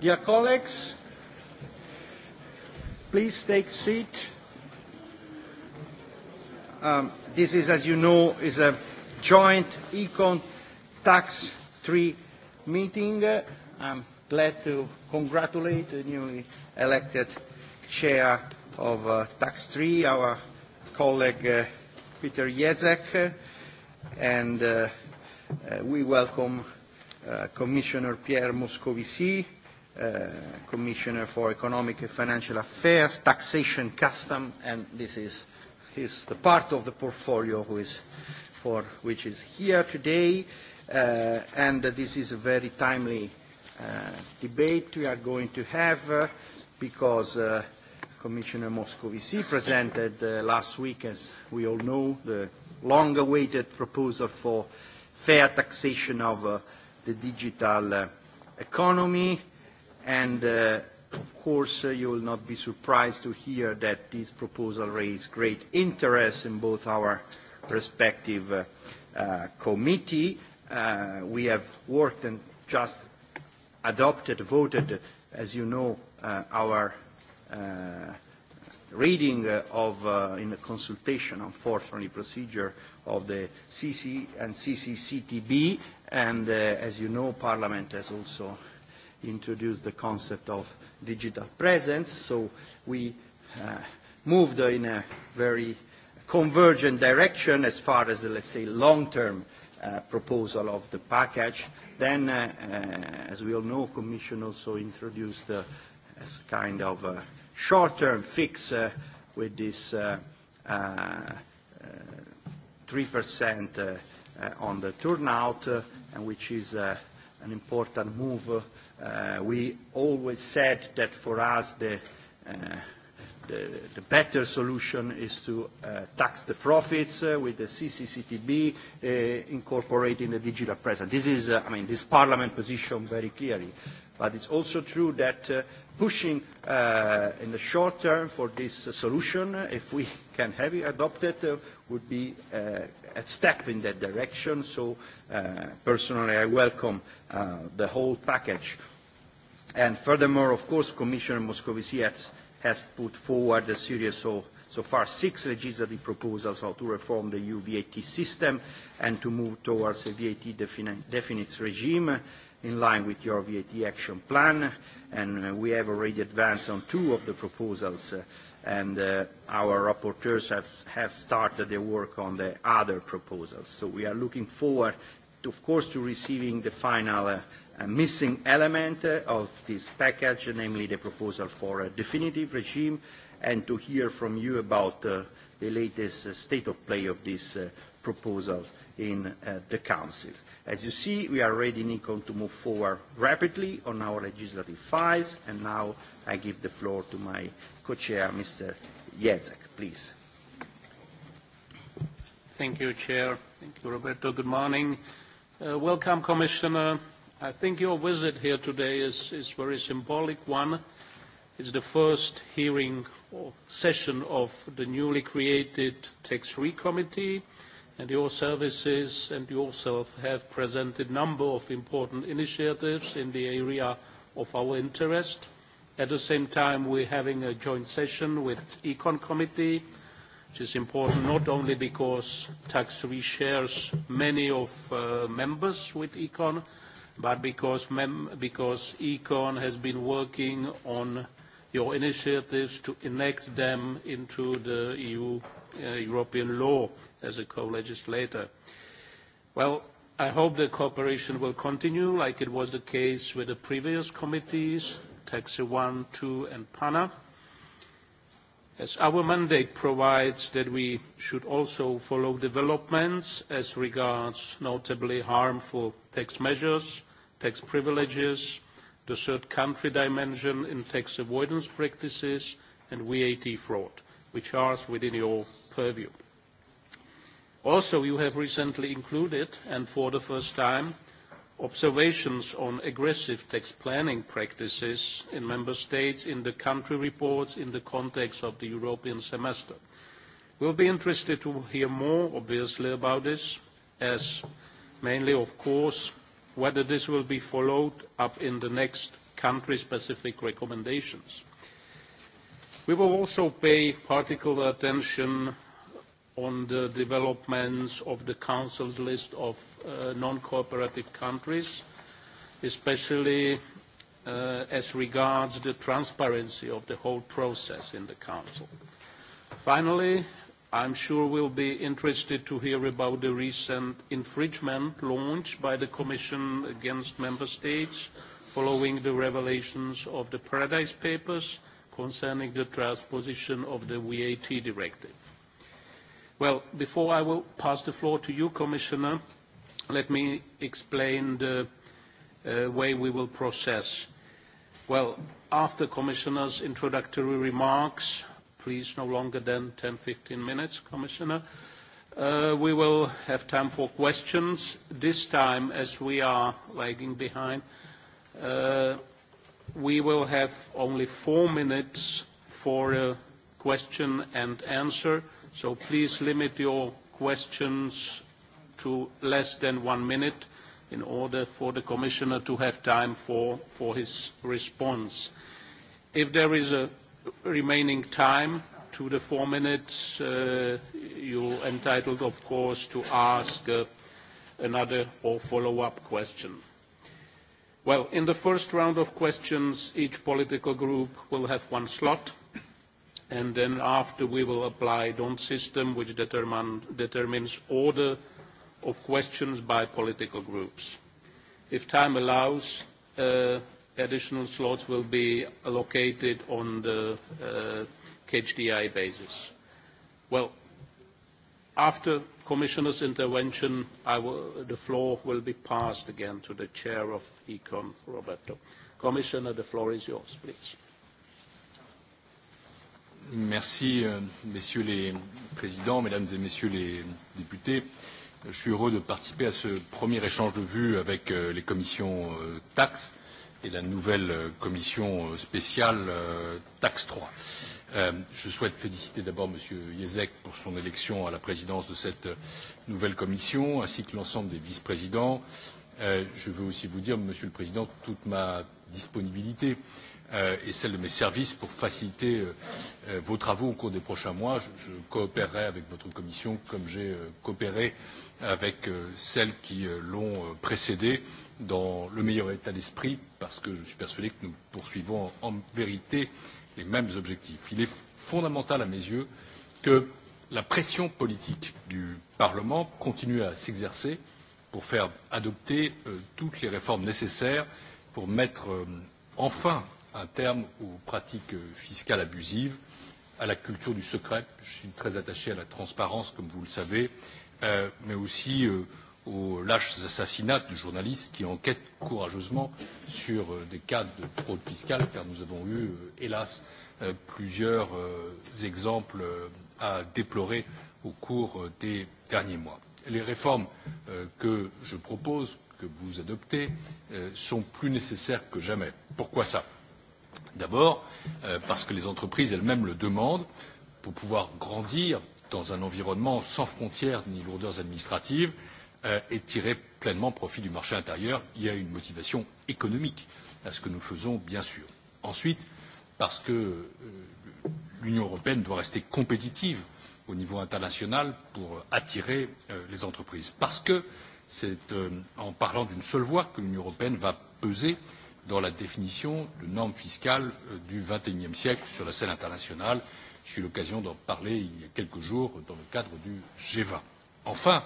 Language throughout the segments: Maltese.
Dear colleagues, please take seat. Um, this is, as you know, is a joint econ tax three meeting. I'm glad to congratulate the newly elected chair of uh, tax three, our colleague uh, Peter Jezek, and uh, Uh, we welcome uh, Commissioner Pierre Moscovici, uh, Commissioner for Economic and Financial Affairs, Taxation, Custom, and this is his, the part of the portfolio who is for, which is here today. Uh, and uh, this is a very timely uh, debate we are going to have uh, because uh, Commissioner Moscovici presented uh, last week, as we all know, the long-awaited proposal for uh, fair taxation of uh, the digital uh, economy. And uh, of course, uh, you will not be surprised to hear that this proposal raised great interest in both our respective uh, uh, committee. Uh, we have worked and just adopted, voted, as you know, uh, our uh, reading uh, of, uh, in the consultation on fourth procedure of the CC and CCCTB, and uh, as you know, Parliament has also introduced the concept of digital presence, so we uh, moved in a very convergent direction as far as, let's say, long-term uh, proposal of the package. Then, uh, uh, as we all know, Commission also introduced uh, a kind of short-term fix uh, with this uh, uh, uh, 3% uh, uh, on the turnout, uh, and which is uh, an important move. Uh, we always said that for us the, the, better solution is to uh, tax the profits with the CCCTB uh, incorporating the digital presence. This is, I mean, this parliament position very clearly. But it's also true that pushing uh, in the short term for this uh, solution, if we can have it adopted, uh, would be uh, a step in that direction. So uh, personally, I welcome uh, the whole package. And furthermore, of course, Commissioner Moscovici has, has put forward a series of so far six legislative proposals how to reform the EU VAT system and to move towards a VAT definite regime in line with your VAT action plan and uh, we have already advanced on two of the proposals uh, and uh, our rapporteurs have, have started their work on the other proposals. So we are looking forward, to, of course, to receiving the final uh, uh missing element uh, of this package, namely the proposal for a definitive regime, and to hear from you about uh, the latest uh, state of play of these uh, in uh, the councils. As you see, we are ready in to move forward rapidly on our legislative files, and now I give the floor to my co-chair, Mr. Jezek, please. Thank you, Chair. Thank you, Roberto. Good morning. Uh, welcome, Commissioner. I think your visit here today is, a very symbolic one. It's the first hearing or session of the newly created Tax Free Committee and your services and you also have presented a number of important initiatives in the area of our interest. At the same time, we're having a joint session with the Econ Committee, which is important not only because tax three shares many of uh, members with Econ, but because, mem because Econ has been working on your initiatives to enact them into the EU, uh, European law as a co-legislator. Well, I hope the cooperation will continue like it was the case with the previous committees, Taxi 1, 2 and PANA, as our mandate provides that we should also follow developments as regards notably harmful tax measures, tax privileges, the third country dimension in tax avoidance practices and VAT fraud, which are within your purview. Also, you have recently included, and for the first time, observations on aggressive tax planning practices in member states in the country reports in the context of the European semester. We will be interested to hear more, obviously, about this, as mainly, of course, whether this will be followed up in the next country-specific recommendations. We will also pay particular attention on the developments of the Council's list of uh, non-cooperative countries, especially uh, as regards the transparency of the whole process in the Council. Finally, I'm sure we'll be interested to hear about the recent infringement launched by the Commission against Member States following the revelations of the Paradise Papers concerning the transposition of the VAT directive. Well, before I will pass the floor to you, Commissioner, let me explain the uh, way we will process. Well, after Commissioner's introductory remarks, please no longer than 10, 15 minutes, Commissioner, uh, we will have time for questions. This time, as we are lagging behind, uh, we will have only four minutes for a question and answer So please limit your questions to less than one minute in order for the Commissioner to have time for, for his response. If there is a remaining time to the four minutes, uh, you're entitled, of course, to ask uh, another or follow-up question. Well, in the first round of questions, each political group will have one slot and then after we will apply DON system which determine, determines order of questions by political groups. If time allows, uh, additional slots will be allocated on the uh, KHDI basis. Well, after Commissioner's intervention, I will, the floor will be passed again to the Chair of ECON, Roberto. Commissioner, the floor is yours, please. Merci, euh, messieurs les présidents, mesdames et messieurs les députés. Je suis heureux de participer à ce premier échange de vues avec euh, les commissions euh, taxes et la nouvelle commission spéciale taxe 3. Je souhaite féliciter d'abord Monsieur Jezek pour son élection à la présidence de cette nouvelle commission, ainsi que l'ensemble des vice-présidents. Je veux aussi vous dire, Monsieur le Président, toute ma disponibilité euh, euh, et celle de mes services pour faciliter euh, euh, vos travaux au cours des prochains mois. Je, je coopérerai avec votre commission comme j'ai euh, coopéré avec euh, celles qui euh, l'ont euh, précédée dans le meilleur état d'esprit parce que je suis persuadé que nous poursuivons en, en vérité les mêmes objectifs. Il est fondamental à mes yeux que la pression politique du Parlement continue à s'exercer pour faire adopter euh, toutes les réformes nécessaires pour mettre euh, enfin un terme aux pratiques fiscales abusives, à la culture du secret. Je suis très attaché à la transparence, comme vous le savez, euh, mais aussi euh, aux lâches assassinats de journalistes qui enquêtent courageusement sur euh, des cas de fraude fiscale, car nous avons eu, euh, hélas, euh, plusieurs euh, exemples euh, à déplorer au cours euh, des derniers mois. Les réformes euh, que je propose, que vous adoptez, euh, sont plus nécessaires que jamais. Pourquoi ça D'abord, euh, parce que les entreprises elles-mêmes le demandent pour pouvoir grandir dans un environnement sans frontières ni lourdeurs administratives euh, et tirer pleinement profit du marché intérieur. Il y a une motivation économique à ce que nous faisons, bien sûr. Ensuite, parce que euh, l'Union européenne doit rester compétitive au niveau international pour attirer euh, les entreprises. Parce que c'est euh, en parlant d'une seule voix que l'Union européenne va peser euh, dans la définition de normes fiscales euh, du XXIe siècle sur la scène internationale. J'ai eu l'occasion d'en parler il y a quelques jours dans le cadre du G20. Enfin,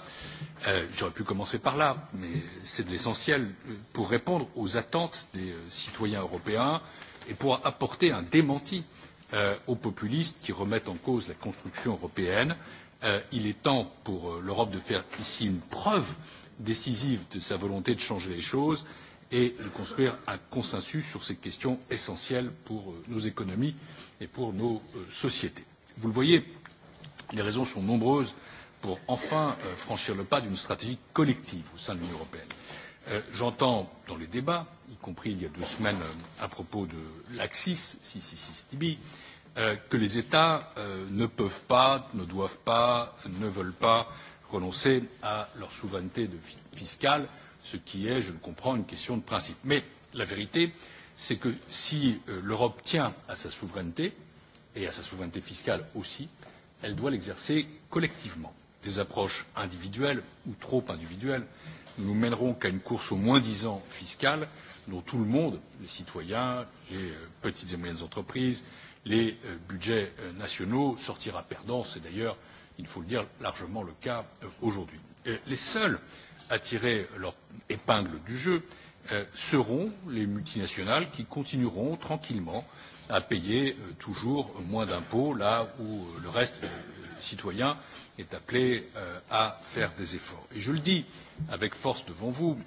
euh, j'aurais pu commencer par là, mais c'est de l'essentiel euh, pour répondre aux attentes des euh, citoyens européens et pour apporter un démenti euh, aux populistes qui remettent en cause la construction européenne. Euh, il est temps pour l'Europe de faire ici une preuve décisive de sa volonté de changer les choses et de construire un consensus sur ces questions essentielles pour euh, nos économies et pour nos euh, sociétés. Vous le voyez, les raisons sont nombreuses pour enfin euh, franchir le pas d'une stratégie collective au sein de l'Union européenne. J'entends dans les débats, y compris il y a deux semaines à propos de l'Axis 666DB, que les États ne peuvent pas, ne doivent pas, ne veulent pas renoncer à leur souveraineté fiscale ce qui est, je le comprends, une question de principe. Mais la vérité, c'est que si euh, l'Europe tient à sa souveraineté, et à sa souveraineté fiscale aussi, elle doit l'exercer collectivement. Des approches individuelles ou trop individuelles nous mèneront qu'à une course au moins ans fiscal dont tout le monde, les citoyens, les euh, petites et moyennes entreprises, les euh, budgets nationaux sortira perdant. C'est d'ailleurs, il faut le dire, largement le cas aujourd'hui. Les seuls à tirer leur épingle du jeu euh, seront les multinationales qui continueront tranquillement à payer euh, toujours moins d'impôts là où euh, le reste citoyen est appelé à faire des efforts. Et je le dis avec force devant vous,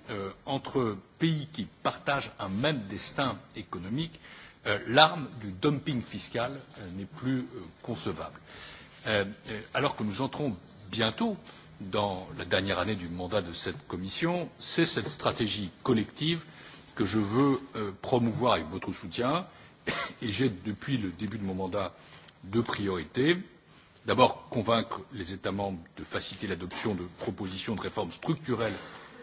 entre pays qui partagent un même destin économique, l'arme du dumping fiscal n'est plus concevable. alors que nous entrons bientôt euh, dans la dernière année du mandat de cette commission, c'est cette stratégie collective que je veux euh, promouvoir avec votre soutien et j'ai depuis le début de mon mandat deux priorités. D'abord, convaincre les États membres de faciliter l'adoption de propositions de réformes structurelles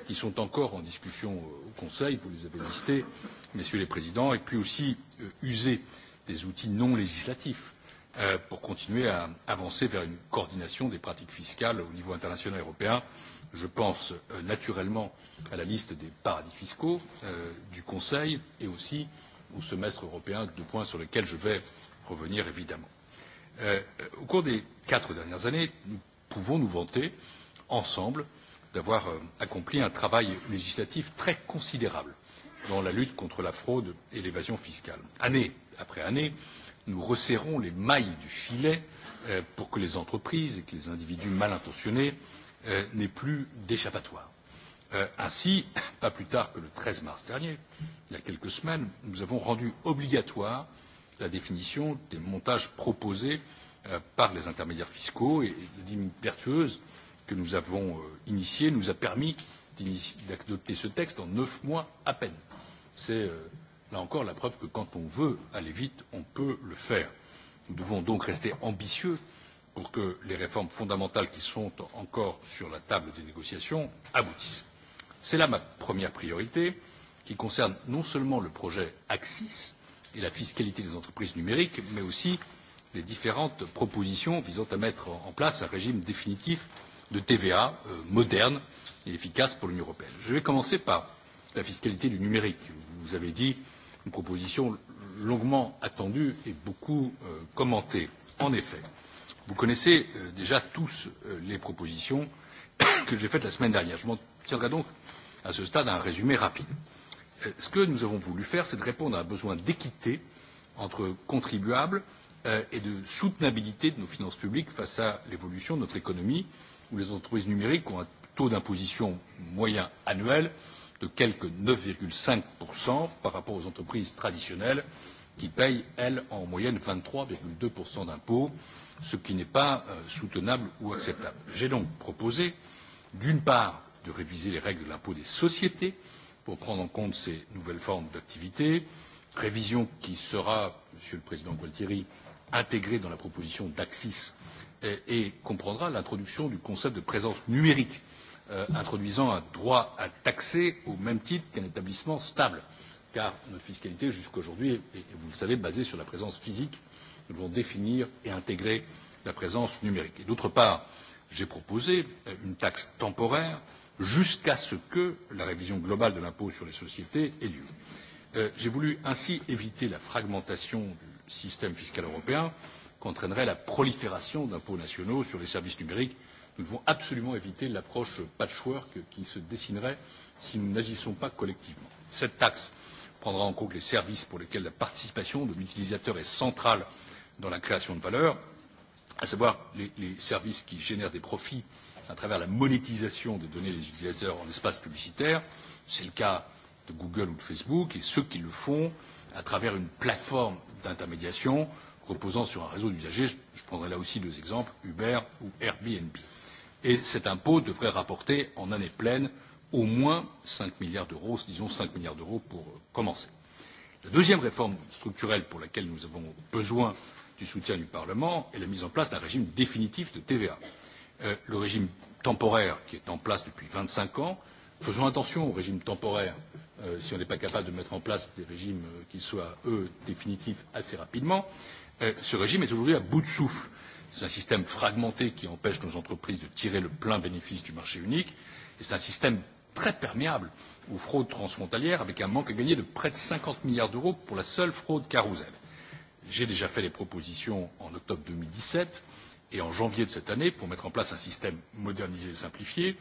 qui sont encore en discussion euh, au Conseil, vous les avez listées, messieurs les présidents, et puis aussi euh, user des outils non législatifs Euh, pour continuer à avancer vers une coordination des pratiques fiscales au niveau international et européen. Je pense euh, naturellement à la liste des paradis fiscaux euh, du Conseil et aussi au semestre européen, deux points sur lesquels je vais revenir évidemment. Au cours des quatre dernières années, nous pouvons nous vanter ensemble d'avoir accompli un travail législatif très considérable dans la lutte contre la fraude et l'évasion fiscale. Année après année, nous resserrons les mailles du filet euh, pour que les entreprises et que les individus mal intentionnés euh, n'aient plus d'échappatoire. Euh, ainsi, pas plus tard que le 13 mars dernier, il y a quelques semaines, nous avons rendu obligatoire la définition des montages proposés par les intermédiaires fiscaux et la ligne vertueuse que nous avons initiée nous a permis d'adopter ce texte en neuf mois à peine. C'est euh, là encore la preuve que quand on veut aller vite, on peut le faire. Nous devons donc rester ambitieux pour que les réformes fondamentales qui sont encore sur la table des négociations aboutissent. C'est là ma première priorité qui concerne non seulement le projet Axis et la fiscalité des entreprises numériques, mais aussi les différentes propositions visant à mettre en place un régime définitif de TVA euh, moderne et efficace pour l'Union européenne. Je vais commencer par la fiscalité du numérique. Vous avez dit une proposition longuement attendue et beaucoup euh, commentée. En effet, vous connaissez euh, déjà tous euh, les propositions que j'ai faites la semaine dernière. Je m'en tiendrai donc à ce stade à un résumé rapide. Ce que nous avons voulu faire, c'est de répondre à un besoin d'équité entre contribuables et de soutenabilité de nos finances publiques face à l'évolution de notre économie, où les entreprises numériques ont un taux d'imposition moyen annuel de quelque neuf cinq par rapport aux entreprises traditionnelles qui payent, elles, en moyenne vingt trois deux d'impôts, ce qui n'est pas euh, soutenable ou acceptable. J'ai donc proposé, d'une part, de réviser les règles de l'impôt des sociétés pour prendre en compte ces nouvelles formes d'activité, révision qui sera, Monsieur le Président Gualtieri, intégrée dans la proposition d'Axis et comprendra l'introduction du concept de présence numérique euh, introduisant un droit à taxer au même titre qu'un établissement stable, car notre fiscalité jusqu'à aujourd'hui est, et vous le savez, basée sur la présence physique. Nous devons définir et intégrer la présence numérique. Et d'autre part, j'ai proposé euh, une taxe temporaire jusqu'à ce que la révision globale de l'impôt sur les sociétés ait lieu. Euh, j'ai voulu ainsi éviter la fragmentation du système fiscal européen qu'entraînerait la prolifération d'impôts nationaux sur les services numériques Nous devons absolument éviter l'approche patchwork qui se dessinerait si nous n'agissons pas collectivement. Cette taxe prendra en compte les services pour lesquels la participation de l'utilisateur est centrale dans la création de valeur, à savoir les, les services qui génèrent des profits à travers la monétisation des données des utilisateurs en espace publicitaire. C'est le cas de Google ou de Facebook et ceux qui le font à travers une plateforme d'intermédiation reposant sur un réseau d'usagers. Je prendrai là aussi deux exemples, Uber ou Airbnb. Et cet impôt devrait rapporter en année pleine au moins 5 milliards d'euros, disons 5 milliards d'euros pour euh, commencer. La deuxième réforme structurelle pour laquelle nous avons besoin du soutien du Parlement est la mise en place d'un régime définitif de TVA. Euh, le régime temporaire qui est en place depuis 25 ans, faisons attention au régime temporaire euh, si on n'est pas capable de mettre en place des régimes euh, qui soient, eux, définitifs assez rapidement. Euh, ce régime est aujourd'hui à bout de souffle C'est un système fragmenté qui empêche nos entreprises de tirer le plein bénéfice du marché unique et c'est un système très perméable aux fraudes transfrontalières avec un manque à gagner de près de 50 milliards d'euros pour la seule fraude carousel. J'ai déjà fait des propositions en octobre 2017 et en janvier de cette année pour mettre en place un système modernisé et simplifié.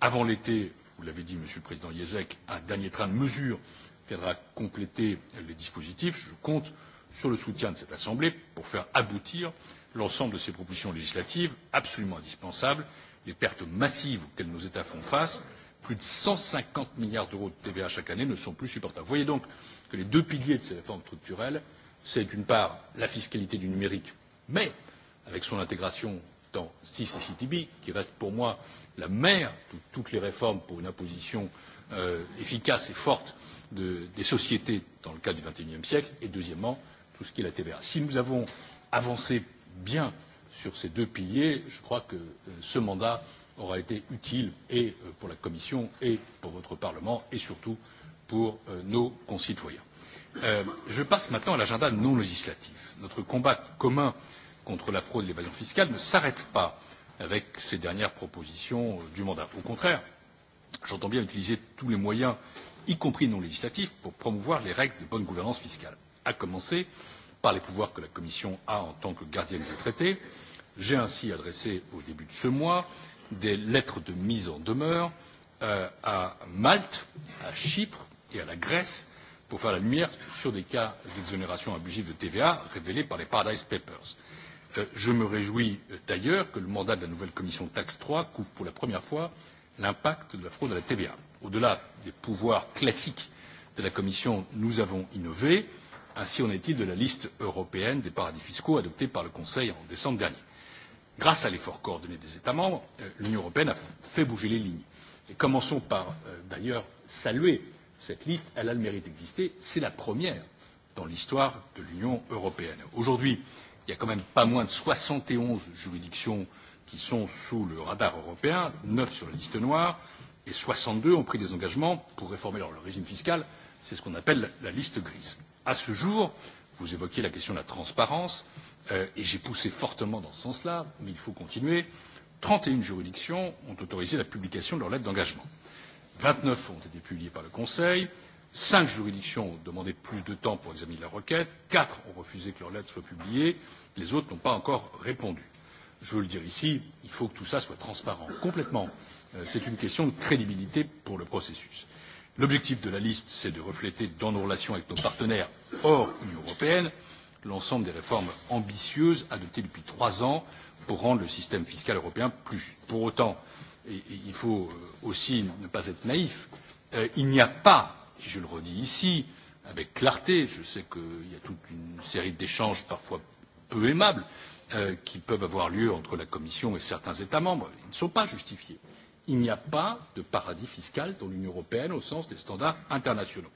Avant l'été, vous l'avez dit, Monsieur le Président Jezek, un dernier train de mesures viendra compléter les dispositifs. Je compte sur le soutien de cette Assemblée pour faire aboutir euh, l'ensemble de ces propositions législatives absolument indispensables les pertes massives auxquelles nos états font face plus de cent cinquante milliards d'euros de tva chaque année ne sont plus supportables. voyez donc que les deux piliers de ces réformes structurelles c'est d'une part la fiscalité du numérique mais avec son intégration dans et CTB, qui reste pour moi la mère de toutes les réformes pour une imposition euh, efficace et forte de, des sociétés dans le cadre du xxie siècle et deuxièmement tout ce qui est la tva. si nous avons avancé bien sur ces deux piliers, je crois que euh, ce mandat aura été utile et euh, pour la Commission et pour votre Parlement et surtout pour euh, nos concitoyens. Je passe maintenant à l'agenda non législatif. Notre combat commun contre la fraude et l'évasion fiscale ne s'arrête pas avec ces dernières propositions du mandat. Au contraire, j'entends bien utiliser tous les moyens, y compris non législatifs, pour promouvoir les règles de bonne gouvernance fiscale, à commencer par les pouvoirs que la Commission a en tant que gardienne des traités. J'ai ainsi adressé au début de ce mois des lettres de mise en demeure euh, à Malte, à Chypre et à la Grèce pour faire la lumière sur des cas d'exonération abusive de TVA révélés par les Paradise Papers. Euh, je me réjouis euh, d'ailleurs que le mandat de la nouvelle commission Taxe 3 couvre pour la première fois l'impact de la fraude à la TVA. Au-delà des pouvoirs classiques de la Commission, nous avons innové. Ainsi en est-il de la liste européenne des paradis fiscaux adoptée par le Conseil en décembre dernier. Grâce à l'effort coordonné des États membres, euh, l'Union européenne a fait bouger les lignes. Et commençons par euh, d'ailleurs saluer cette liste, elle a le mérite d'exister, c'est la première dans l'histoire de l'Union européenne. Aujourd'hui, il n'y a quand même pas moins de 71 juridictions qui sont sous le radar européen, 9 sur la liste noire, et 62 ont pris des engagements pour réformer leur régime fiscal, c'est ce qu'on appelle la liste grise. À ce jour, vous évoquiez la question de la transparence, euh, et j'ai poussé fortement dans ce sens-là, mais il faut continuer. 31 juridictions ont autorisé la publication de leur lettre d'engagement. 29 ont été publiées par le Conseil, 5 juridictions ont demandé plus de temps pour examiner la requête, 4 ont refusé que leur lettre soit publiée, les autres n'ont pas encore répondu. Je veux le dire ici, il faut que tout ça soit transparent, complètement. Euh, c'est une question de crédibilité pour le processus. L'objectif de la liste, c'est de refléter dans nos relations avec nos partenaires hors Union européenne l'ensemble des réformes ambitieuses adoptées depuis trois ans pour rendre le système fiscal européen plus juste. Pour autant, et il faut euh, aussi ne pas être naïf, euh, il n'y a pas, et je le redis ici, avec clarté, je sais qu'il y a toute une série d'échanges parfois peu aimables euh, qui peuvent avoir lieu entre la Commission et certains États membres. Ils ne sont pas justifiés. Euh, il n'y a pas de paradis fiscal dans l'Union européenne au sens des standards internationaux.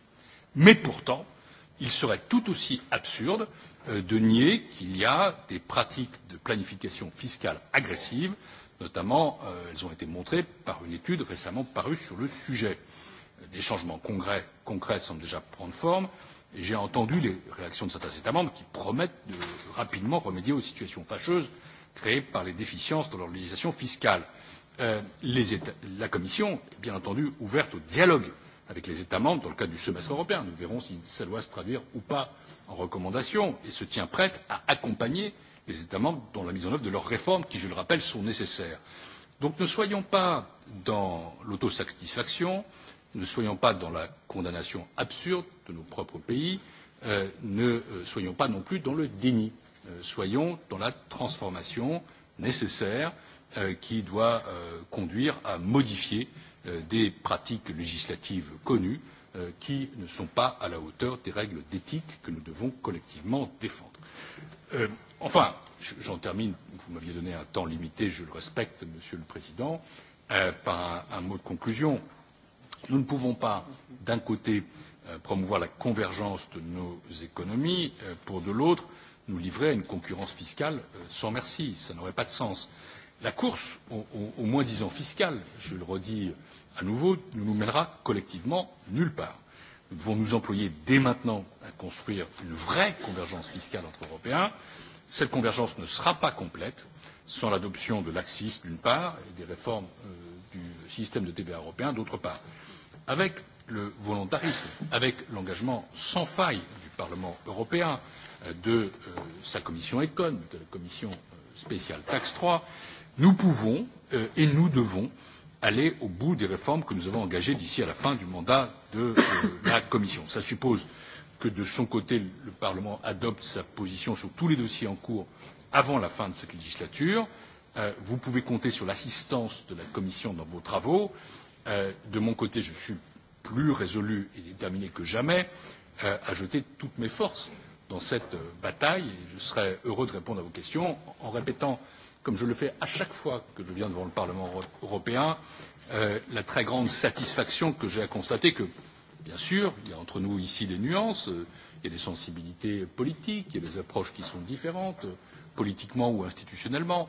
Mais pourtant, il serait tout aussi absurde euh, de nier qu'il y a des pratiques de planification fiscale agressive, notamment euh, elles ont été montrées par une étude récemment parue sur le sujet. Euh, des changements congrès, concrets semblent déjà prendre forme et j'ai entendu les réactions de certains États membres qui promettent de rapidement remédier aux situations fâcheuses créées par les déficiences dans leur législation fiscale. Euh, les États, la Commission est bien entendu ouverte au dialogue avec les États membres dans le cadre du semestre européen. Nous verrons si ça doit se traduire ou pas en recommandations et se tient prête à accompagner les États membres dans la mise en œuvre de leurs réformes qui, je le rappelle, sont nécessaires. Donc ne soyons pas dans l'autosatisfaction, ne soyons pas dans la condamnation absurde de nos propres pays, euh, ne euh, soyons pas non plus dans le déni, euh, soyons dans la transformation nécessaire Euh, qui doit euh, conduire à modifier euh, des pratiques législatives connues qui ne sont pas à la hauteur des règles d'éthique que nous devons collectivement défendre. Enfin, j'en termine, vous m'aviez donné un temps limité, je le respecte, Monsieur le Président, par un mot de conclusion. Nous ne pouvons pas, d'un côté, promouvoir la convergence de nos économies pour, de l'autre, nous livrer à une concurrence fiscale sans merci. Ça n'aurait pas de sens. Euh, La course au, au, au moins disant fiscal, je le redis à nouveau, ne nous mènera collectivement nulle part. Nous devons nous employer dès maintenant à construire une vraie convergence fiscale entre Européens. Cette convergence ne sera pas complète sans l'adoption de l'Axis d'une part et des réformes euh, du système de TVA européen d'autre part. Avec le volontarisme, avec l'engagement sans faille du Parlement européen, euh, de euh, sa commission ECON, de la commission euh, spéciale Taxe 3, Nous pouvons euh, et nous devons aller au bout des réformes que nous avons engagées d'ici à la fin du mandat de euh, la Commission. Cela suppose que de son côté, le Parlement adopte sa position sur tous les dossiers en cours avant la fin de cette législature. Euh, vous pouvez compter sur l'assistance de la Commission dans vos travaux. Euh, de mon côté, je suis plus résolu et déterminé que jamais euh, à jeter toutes mes forces dans cette euh, bataille et je serai heureux de répondre à vos questions en répétant euh, comme je le fais à chaque fois que je viens devant le Parlement européen, euh, la très grande satisfaction que j'ai à constater que, bien sûr, il y a entre nous ici des nuances, euh, il y a des sensibilités politiques, il y a des approches qui sont différentes, euh, politiquement ou institutionnellement,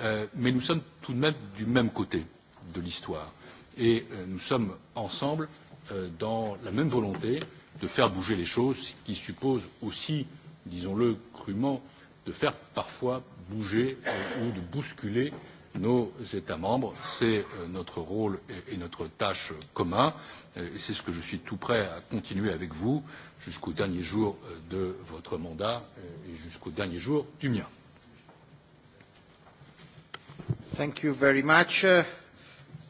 euh, mais nous sommes tout de même du même côté de l'histoire et euh, nous sommes ensemble euh, dans la même volonté de faire bouger les choses, ce qui suppose aussi, disons-le crûment, de faire parfois bouger euh, ou de bousculer nos États membres. C'est euh, notre rôle et, et notre tâche commun euh, et c'est ce que je suis tout prêt à continuer avec vous jusqu'au dernier jour euh, de votre mandat euh, et jusqu'au dernier jour du mien. Thank you very much, uh,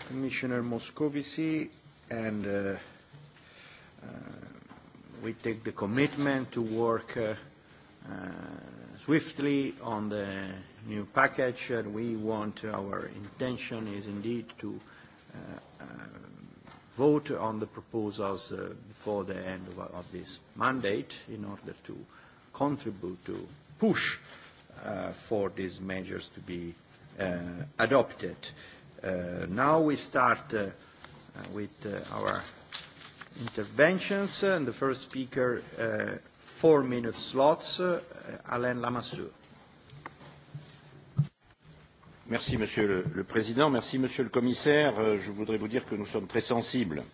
Commissioner Moscovici, and uh, uh, we take the commitment to work uh, uh, swiftly on the new package and we want our intention is indeed to uh, uh, vote on the proposals uh, before the end of, of this mandate in order to contribute to push uh, for these measures to be uh, adopted. Uh, now we start uh, with uh, our interventions and the first speaker uh, four-minute slots. Uh, Alain Lamassoure. Merci, Monsieur le, le Président. Merci, Monsieur le Commissaire. Euh, je voudrais vous dire que nous sommes très sensibles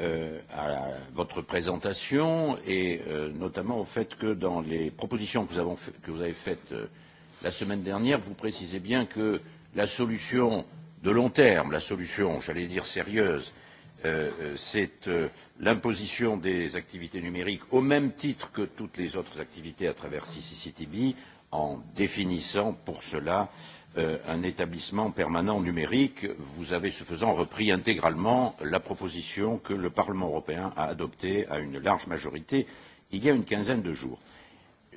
euh, à votre présentation et euh, notamment au fait que dans les propositions que, vous avons fait, que vous avez faites euh, la semaine dernière, vous précisez bien que la solution de long terme, la solution, j'allais dire sérieuse, Euh, euh, c'est euh, l'imposition des activités numériques au même titre que toutes les autres activités à travers CCCTB en définissant pour cela un établissement permanent numérique. Vous avez ce faisant repris intégralement la proposition que le Parlement européen a adoptée à une large majorité il y a une quinzaine de jours.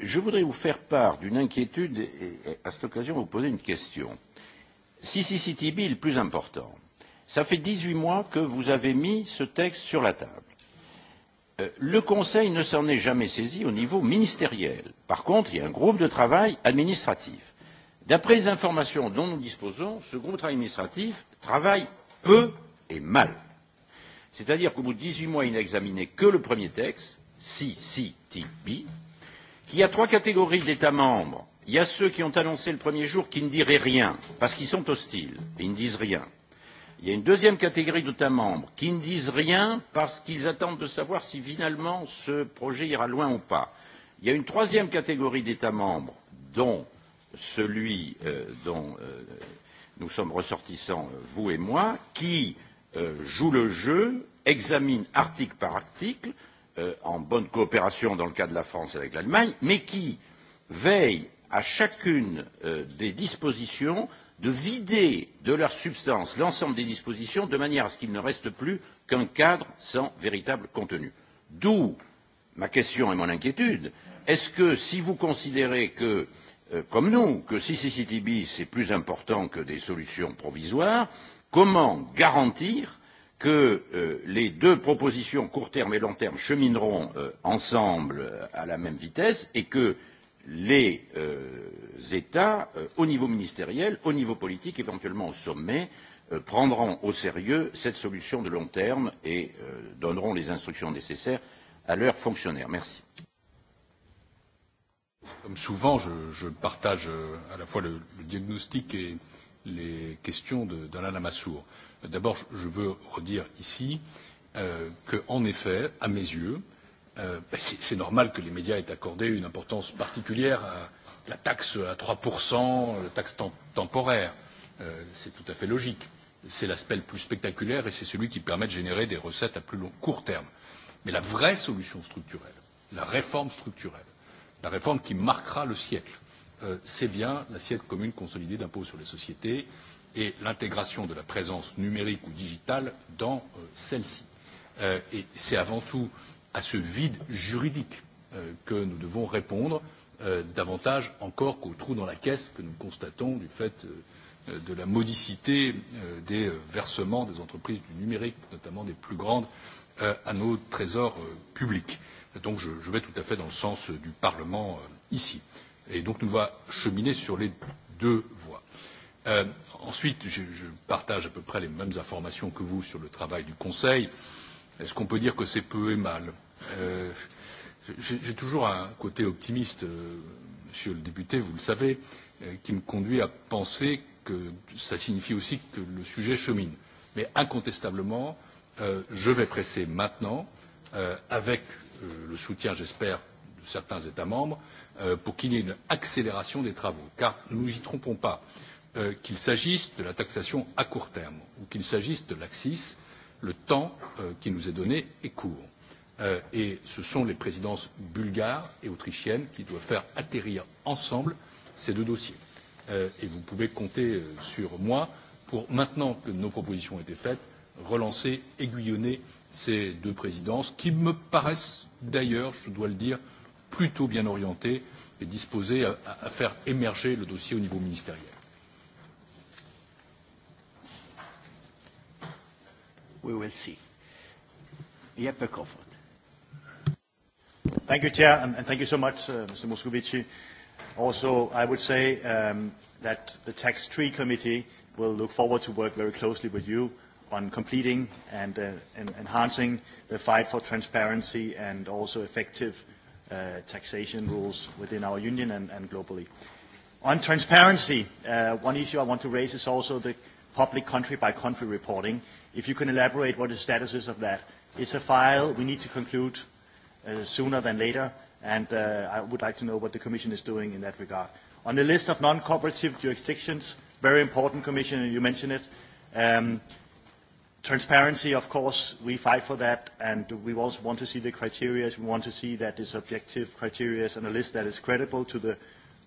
Je voudrais vous faire part d'une inquiétude et à cette occasion vous poser une question. CCCTB est le plus important, Ça fait 18 mois que vous avez mis ce texte sur la table. Euh, le Conseil ne s'en est jamais saisi au niveau ministériel. Par contre, il y a un groupe de travail administratif. D'après les informations dont nous disposons, ce groupe de travail administratif travaille peu et mal. C'est-à-dire qu'au bout de 18 mois, il n'a examiné que le premier texte, CCTB, qu'il y a trois catégories d'États membres. Il y a ceux qui ont annoncé le premier jour qui ne diraient rien, parce qu'ils sont hostiles, et ils ne disent rien. Il y a une deuxième catégorie d'États membres qui ne disent rien parce qu'ils attendent de savoir si finalement ce projet ira loin ou pas. Il y a une troisième catégorie d'États membres, dont celui euh, dont euh, nous sommes ressortissants, euh, vous et moi, qui euh, joue le jeu, examine article par article, euh, en bonne coopération dans le cas de la France avec l'Allemagne, mais qui veille à chacune euh, des dispositions de vider de leur substance l'ensemble des dispositions de manière à ce qu'il ne reste plus qu'un cadre sans véritable contenu. D'où ma question et mon inquiétude. Est-ce que si vous considérez que, euh, comme nous, que CCCTB c'est plus important que des solutions provisoires, comment garantir que euh, les deux propositions court terme et long terme chemineront euh, ensemble euh, à la même vitesse et que euh, les euh, États, euh, au niveau ministériel, au niveau politique, éventuellement au sommet, euh, prendront au sérieux cette solution de long terme et euh, donneront les instructions nécessaires à leurs fonctionnaires. Merci. Comme souvent, je, je partage euh, à la fois le, le diagnostic et les questions d'Alain Lamassoure. D'abord, je veux redire ici euh, qu'en effet, à mes yeux, euh, euh, c'est normal que les médias aient accordé une importance particulière à la taxe à 3%, la taxe tem temporaire. Euh, c'est tout à fait logique. C'est l'aspect le plus spectaculaire et c'est celui qui permet de générer des recettes à plus long, court terme. Mais la vraie solution structurelle, la réforme structurelle, la réforme qui marquera le siècle, euh, c'est bien l'assiette commune consolidée d'impôts sur les sociétés et l'intégration de la présence numérique ou digitale dans euh, celle-ci. Euh, et c'est avant tout à ce vide juridique euh, que nous devons répondre euh, davantage encore qu'au trou dans la caisse que nous constatons du fait euh, de la modicité des versements des entreprises du numérique, notamment des plus grandes, à nos trésors publics. Donc je, vais tout à fait dans le sens du Parlement ici. Et donc nous va cheminer sur les deux voies. Euh, ensuite, je, je partage à peu près les mêmes informations que vous sur le travail du Conseil. Est-ce qu'on peut dire que c'est peu et mal Euh, J'ai toujours un côté optimiste, euh, monsieur le député, vous le savez, euh, qui me conduit à penser que ça signifie aussi que le sujet chemine. Mais incontestablement, euh, je vais presser maintenant, euh, avec euh, le soutien, j'espère, de certains États membres, euh, pour qu'il y ait une accélération des travaux. Car ne nous y trompons pas, euh, qu'il s'agisse de la taxation à court terme ou qu'il s'agisse de l'AXIS, le temps euh, qui nous est donné est court Euh, et ce sont les présidences bulgare et autrichienne qui doivent faire atterrir ensemble ces deux dossiers. Euh, et vous pouvez compter euh, sur moi pour maintenant que nos propositions ont été faites relancer aiguillonner ces deux présidences qui me paraissent d'ailleurs je dois le dire plutôt bien orientées et disposées à, à faire émerger le dossier au niveau ministériel. We will see. Jeppe Thank you, Chair, and thank you so much, uh, Mr. Moscovici. Also, I would say um, that the Tax Tree Committee will look forward to work very closely with you on completing and, uh, and enhancing the fight for transparency and also effective uh, taxation rules within our union and, and globally. On transparency, uh, one issue I want to raise is also the public country-by-country -country reporting. If you can elaborate what the status is of that. It's a file we need to conclude uh, sooner than later, and uh, I would like to know what the Commission is doing in that regard. On the list of non-cooperative jurisdictions, very important, and you mentioned it. Um, transparency, of course, we fight for that, and we also want to see the criteria. We want to see that it's objective criteria and a list that is credible to the,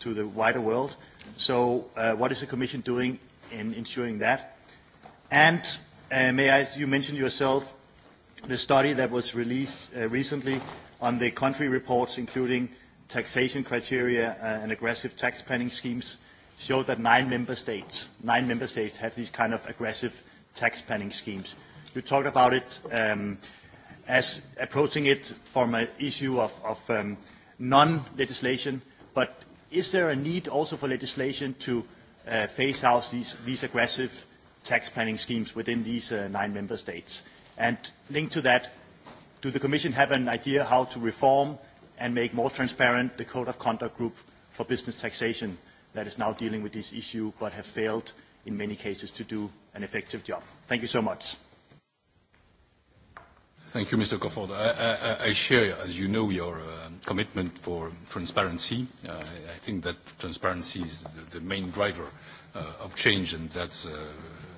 to the wider world. So uh, what is the Commission doing in ensuring that? And uh, may I, you mentioned yourself the study that was released uh, recently on the country reports, including taxation criteria uh, and aggressive tax planning schemes, show that nine member states, nine member states have these kind of aggressive tax planning schemes. You talked about it um, as approaching it from an issue of, of um, non-legislation, but is there a need also for legislation to uh, phase out these, these aggressive tax planning schemes within these uh, nine member states? And linked to that, do the Commission have an idea how to reform and make more transparent the Code of Conduct Group for Business Taxation that is now dealing with this issue but have failed in many cases to do an effective job? Thank you so much. Thank you, Mr. Kofod. I, I, I share, as you know, your uh, commitment for transparency. Uh, I think that transparency is the, the main driver uh, of change, and that's uh,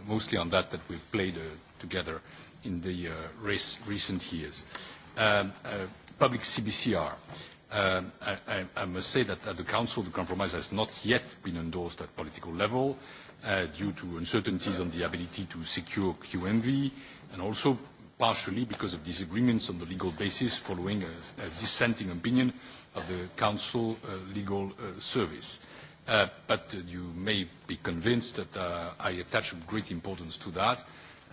mostly on that that we've played uh, together in the uh, race recent years. Um, uh, public CBCR. Um, I, I, I must say that at uh, the Council, the compromise has not yet been endorsed at political level uh, due to uncertainties on the ability to secure QMV and also partially because of disagreements on the legal basis following a, a dissenting opinion of the Council uh, Legal uh, Service. Uh, but uh, you may be convinced that uh, I attach great importance to that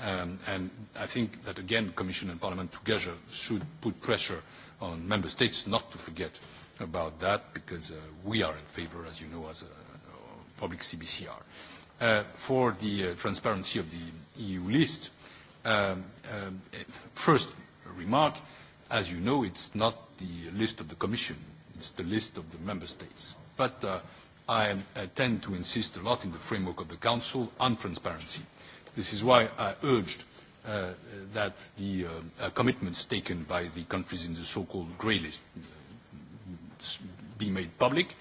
Um, and I think that, again, Commission and Parliament together should put pressure on Member States not to forget about that, because uh, we are in favor, as you know, as a public CBCR. Uh, for the uh, transparency of the EU list, um, um, first remark, as you know, it's not the list of the Commission, it's the list of the Member States. But uh, I uh, tend to insist a lot in the framework of the Council on transparency. This is why I urged uh, that the uh, uh, commitments taken by the countries in the so-called grey list uh, be made public.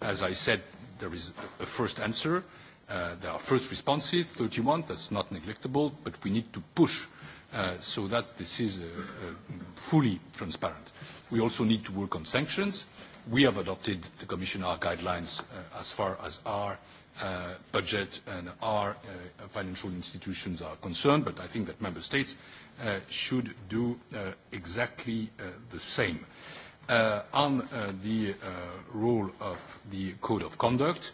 As I said, there is a first answer. Uh, there are first responses, 31, that's not neglectable, but we need to push uh, so that this is uh, uh, fully transparent. We also need to work on sanctions. We have adopted the Commission our guidelines uh, as far as our uh, budget and our uh, financial institutions are concerned, but I think that member states uh, should do uh, exactly uh, the same. Uh, on uh, the uh, role of the code of conduct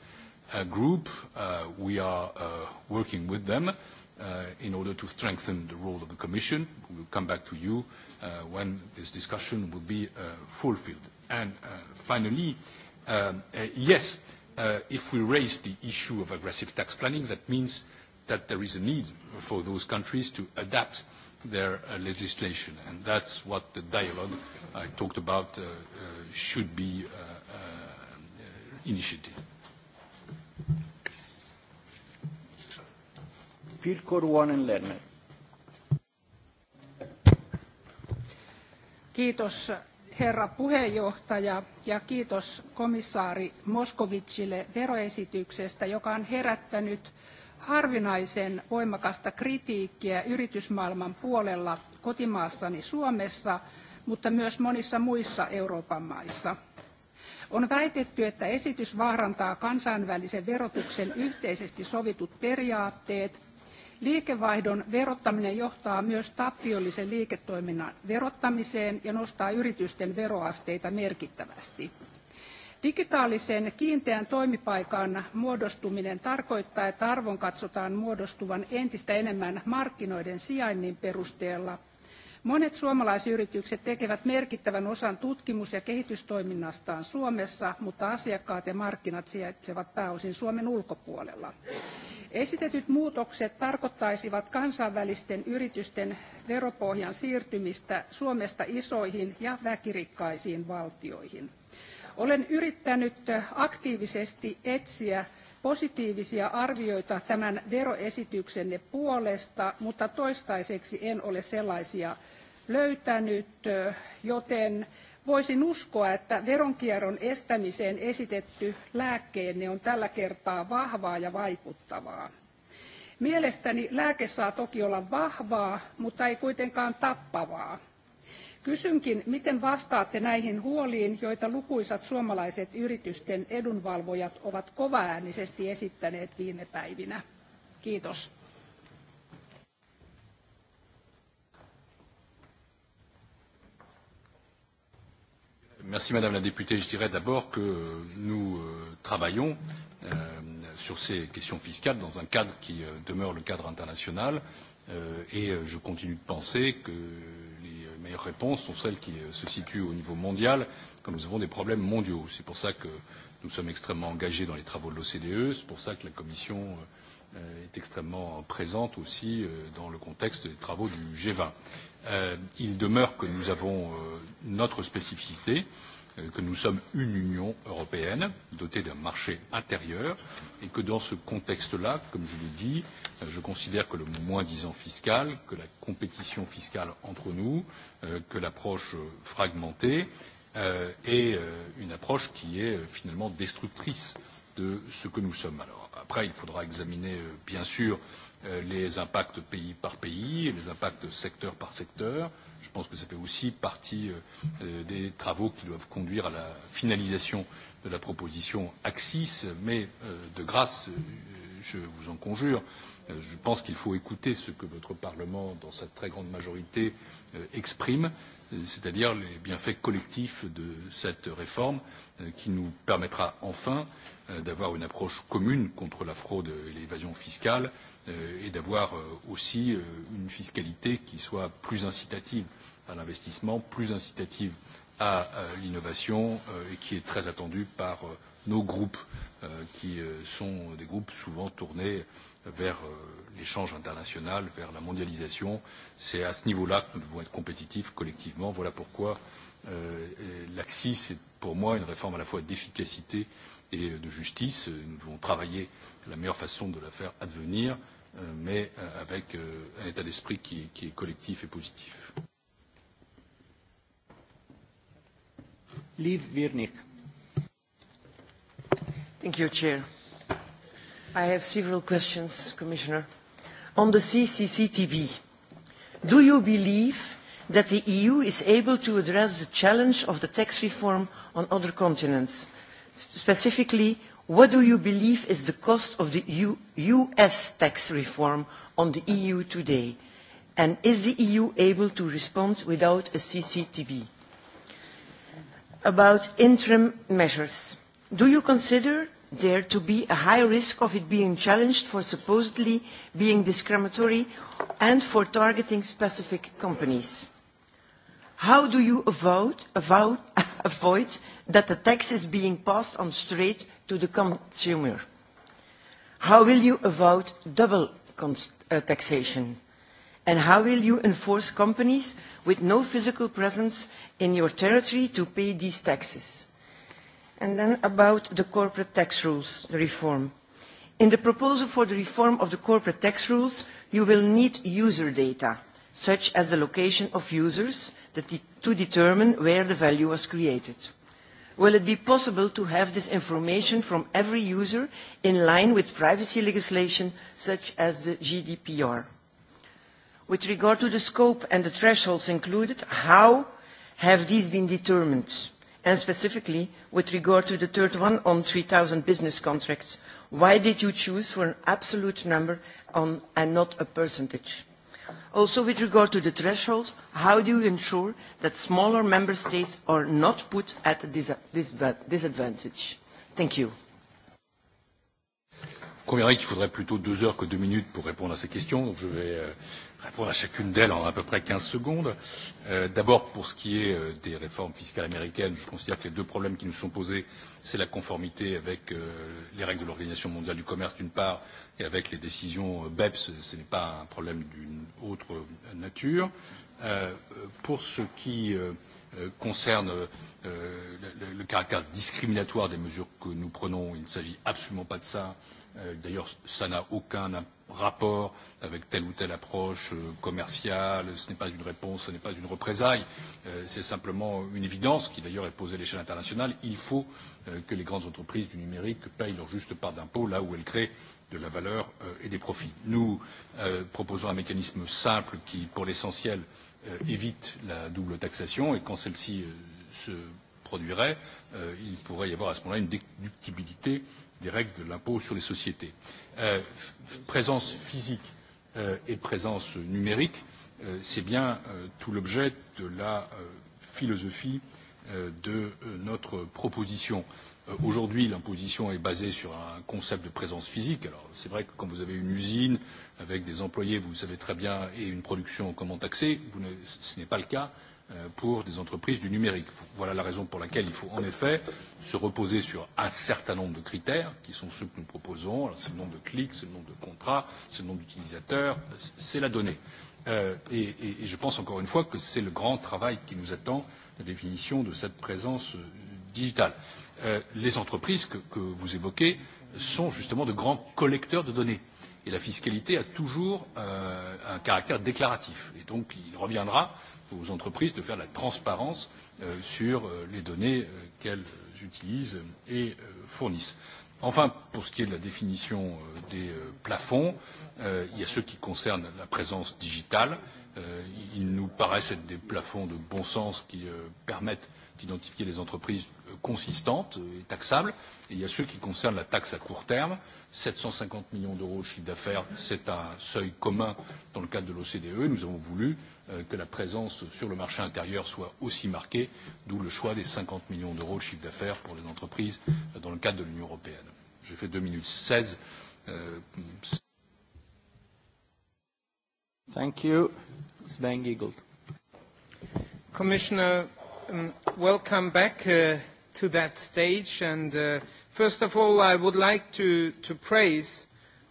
uh, group, uh, we are uh, working with them uh, in order to strengthen the role of the Commission. We will come back to you uh, when this discussion will be uh, fulfilled. And uh, finally, uh, uh, yes, uh, uh, if we raise the issue of aggressive tax planning, that means that there is a need for those countries to adapt their uh, legislation. And that's what the dialogue I talked about uh, uh, should be uh, uh, initiated. Lerner. Kiitos herra puheenjohtaja ja kiitos komissaari Moscovicille veroesityksestä, joka on herättänyt harvinaisen voimakasta kritiikkiä yritysmaailman puolella kotimaassani Suomessa, mutta myös monissa muissa Euroopan maissa. On väitetty, että esitys vaarantaa kansainvälisen verotuksen yhteisesti sovitut periaatteet – Liikevaihdon verottaminen johtaa myös tappiollisen liiketoiminnan verottamiseen ja nostaa yritysten veroasteita merkittävästi. Digitaalisen kiinteän toimipaikan muodostuminen tarkoittaa, että arvon katsotaan muodostuvan entistä enemmän markkinoiden sijainnin perusteella. Monet suomalaisyritykset tekevät merkittävän osan tutkimus- ja kehitystoiminnastaan Suomessa, mutta asiakkaat ja markkinat sijaitsevat pääosin Suomen ulkopuolella. Esitetyt muutokset tarkoittaisivat kansainvälisten yritysten veropohjan siirtymistä Suomesta isoihin ja väkirikkaisiin valtioihin. Olen yrittänyt aktiivisesti etsiä positiivisia arvioita tämän veroesityksenne puolesta, mutta toistaiseksi en ole sellaisia löytänyt, joten Voisin uskoa, että veronkierron estämiseen esitetty lääkkeenne on tällä kertaa vahvaa ja vaikuttavaa. Mielestäni lääke saa toki olla vahvaa, mutta ei kuitenkaan tappavaa. Kysynkin, miten vastaatte näihin huoliin, joita lukuisat suomalaiset yritysten edunvalvojat ovat kovaäänisesti esittäneet viime päivinä? Kiitos. Merci Madame la députée. Je dirais d'abord que nous euh, travaillons euh, sur ces questions fiscales dans un cadre qui euh, demeure le cadre international et je continue de penser que les meilleures réponses sont celles qui se situent au niveau mondial quand nous avons des problèmes mondiaux. C'est pour ça que nous sommes extrêmement engagés dans les travaux de l'OCDE, c'est pour ça que la Commission euh, Euh, est extrêmement présente aussi euh, dans le contexte des travaux du G20. Euh, il demeure que nous avons notre spécificité, que nous sommes une Union européenne dotée d'un marché intérieur et que dans ce contexte-là, comme je l'ai dit, je considère que le moins-disant fiscal, que la compétition fiscale entre nous, que l'approche fragmentée est une approche qui est finalement destructrice euh, de ce que nous sommes. Alors, après, il faudra examiner, euh, bien sûr, euh, les impacts pays par pays, les impacts secteur par secteur. Je pense que ça fait aussi partie euh, des travaux qui doivent conduire à la finalisation de la proposition Axis, mais de grâce, je vous en conjure, je pense qu'il faut écouter ce que votre Parlement, dans sa très grande majorité, exprime c'est-à-dire les bienfaits collectifs de cette réforme euh, qui nous permettra enfin euh, d'avoir une approche commune contre la fraude et l'évasion fiscale euh, et d'avoir aussi une fiscalité qui soit plus incitative à l'investissement, plus incitative à l'innovation et qui est très attendue par nos groupes qui sont des groupes souvent tournés vers l'échange international, vers la mondialisation. C'est à ce niveau-là que nous devons être compétitifs collectivement. Voilà pourquoi euh, l'AXIS est pour moi une réforme à la fois d'efficacité et de justice. Nous devons travailler la meilleure façon de la faire advenir, euh, mais euh, avec euh, un état d'esprit qui, qui est collectif et positif. Liv Virnik. Thank you, Chair. I have several questions, Commissioner on the CCCTB. Do you believe that the EU is able to address the challenge of the tax reform on other continents? Specifically, what do you believe is the cost of the US tax reform on the EU today? And is the EU able to respond without a CCTB? About interim measures, do you consider there to be a high risk of it being challenged for supposedly being discriminatory and for targeting specific companies. How do you avoid, avoid, avoid that the tax is being passed on straight to the consumer? How will you avoid double uh, taxation? And how will you enforce companies with no physical presence in your territory to pay these taxes? and then about the corporate tax rules reform. In the proposal for the reform of the corporate tax rules, you will need user data, such as the location of users, to determine where the value was created. Will it be possible to have this information from every user in line with privacy legislation such as the GDPR? With regard to the scope and the thresholds included, how have these been determined? and specifically with regard to the third one on 3,000 business contracts. Why did you choose for an absolute number on, and not a percentage? Also, with regard to the thresholds, how do you ensure that smaller member states are not put at a dis dis disadvantage? Thank you. Vous conviendrez qu'il faudrait plutôt deux heures que deux minutes pour répondre à ces questions, donc je vais euh, répondre à chacune d'elles en à peu près 15 secondes. Euh, D'abord, pour ce qui est euh, des réformes fiscales américaines, je considère que les deux problèmes qui nous sont posés, c'est la conformité avec euh, les règles de l'Organisation mondiale du commerce, d'une part, et avec les décisions euh, BEPS, ce n'est pas un problème d'une autre euh, nature. Euh, euh, pour ce qui euh, euh, concerne euh, le, le, le caractère discriminatoire des mesures que nous prenons, il ne s'agit absolument pas de ça. Euh, Euh, d'ailleurs, ça n'a aucun rapport avec telle ou telle approche euh, commerciale, ce n'est pas une réponse, ce n'est pas une représaille, euh, c'est simplement une évidence qui d'ailleurs est posée à l'échelle internationale. Il faut que les grandes entreprises du numérique payent leur juste part d'impôt là où elles créent de la valeur et des profits. Nous proposons un mécanisme simple qui, pour l'essentiel, évite la double taxation et quand celle-ci se produirait, il pourrait y avoir à ce moment-là une déductibilité des règles de l'impôt sur les sociétés. Euh, présence physique euh, et présence numérique, euh, c'est bien euh, tout l'objet de la euh, philosophie euh, de euh, notre proposition. Euh, Aujourd'hui, l'imposition est basée sur un concept de présence physique. Alors, c'est vrai que quand vous avez une usine avec des employés, vous le savez très bien, et une production, comment taxer vous ne, Ce n'est pas le cas Euh, pour des entreprises du numérique. Voilà la raison pour laquelle il faut en effet se reposer sur un certain nombre de critères qui sont ceux que nous proposons. C'est le nombre de clics, c'est le nombre de contrats, c'est le nombre d'utilisateurs, c'est la donnée. Euh, et, et, et je pense encore une fois que c'est le grand travail qui nous attend, la définition de cette présence euh, digitale. Euh, les entreprises que, que vous évoquez sont justement de grands collecteurs de données. Et la fiscalité a toujours euh, un caractère déclaratif. Et donc, il reviendra euh, aux entreprises de faire la transparence euh, sur euh, les données euh, qu'elles utilisent et fournissent. Enfin, pour ce qui est de la définition des plafonds, il y a ceux qui concernent la présence digitale. Ils nous paraissent être des plafonds de bon sens qui permettent d'identifier les entreprises consistantes et taxables. Et il y a ceux qui concernent la taxe à court terme. 750 millions d'euros de chiffre d'affaires, c'est un seuil commun dans le cadre de l'OCDE. Nous avons voulu Euh, que la présence sur le marché intérieur soit aussi marquée, d'où le choix des 50 millions d'euros de chiffre d'affaires pour les entreprises euh, dans le cadre de l'Union européenne. J'ai fait 2 minutes 16. Euh, Thank you. Sven Giegold. Commissioner, um, welcome back uh, to that stage. And uh, first of all, I would like to, to praise uh,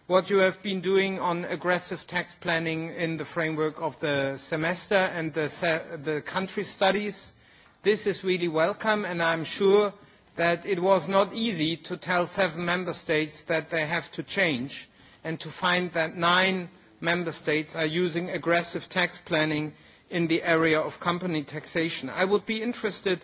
what you have been doing on aggressive tax planning in the framework of the semester and the, se the country studies. This is really welcome, and I'm sure that it was not easy to tell seven member states that they have to change and to find that nine member states are using aggressive tax planning in the area of company taxation. I would be interested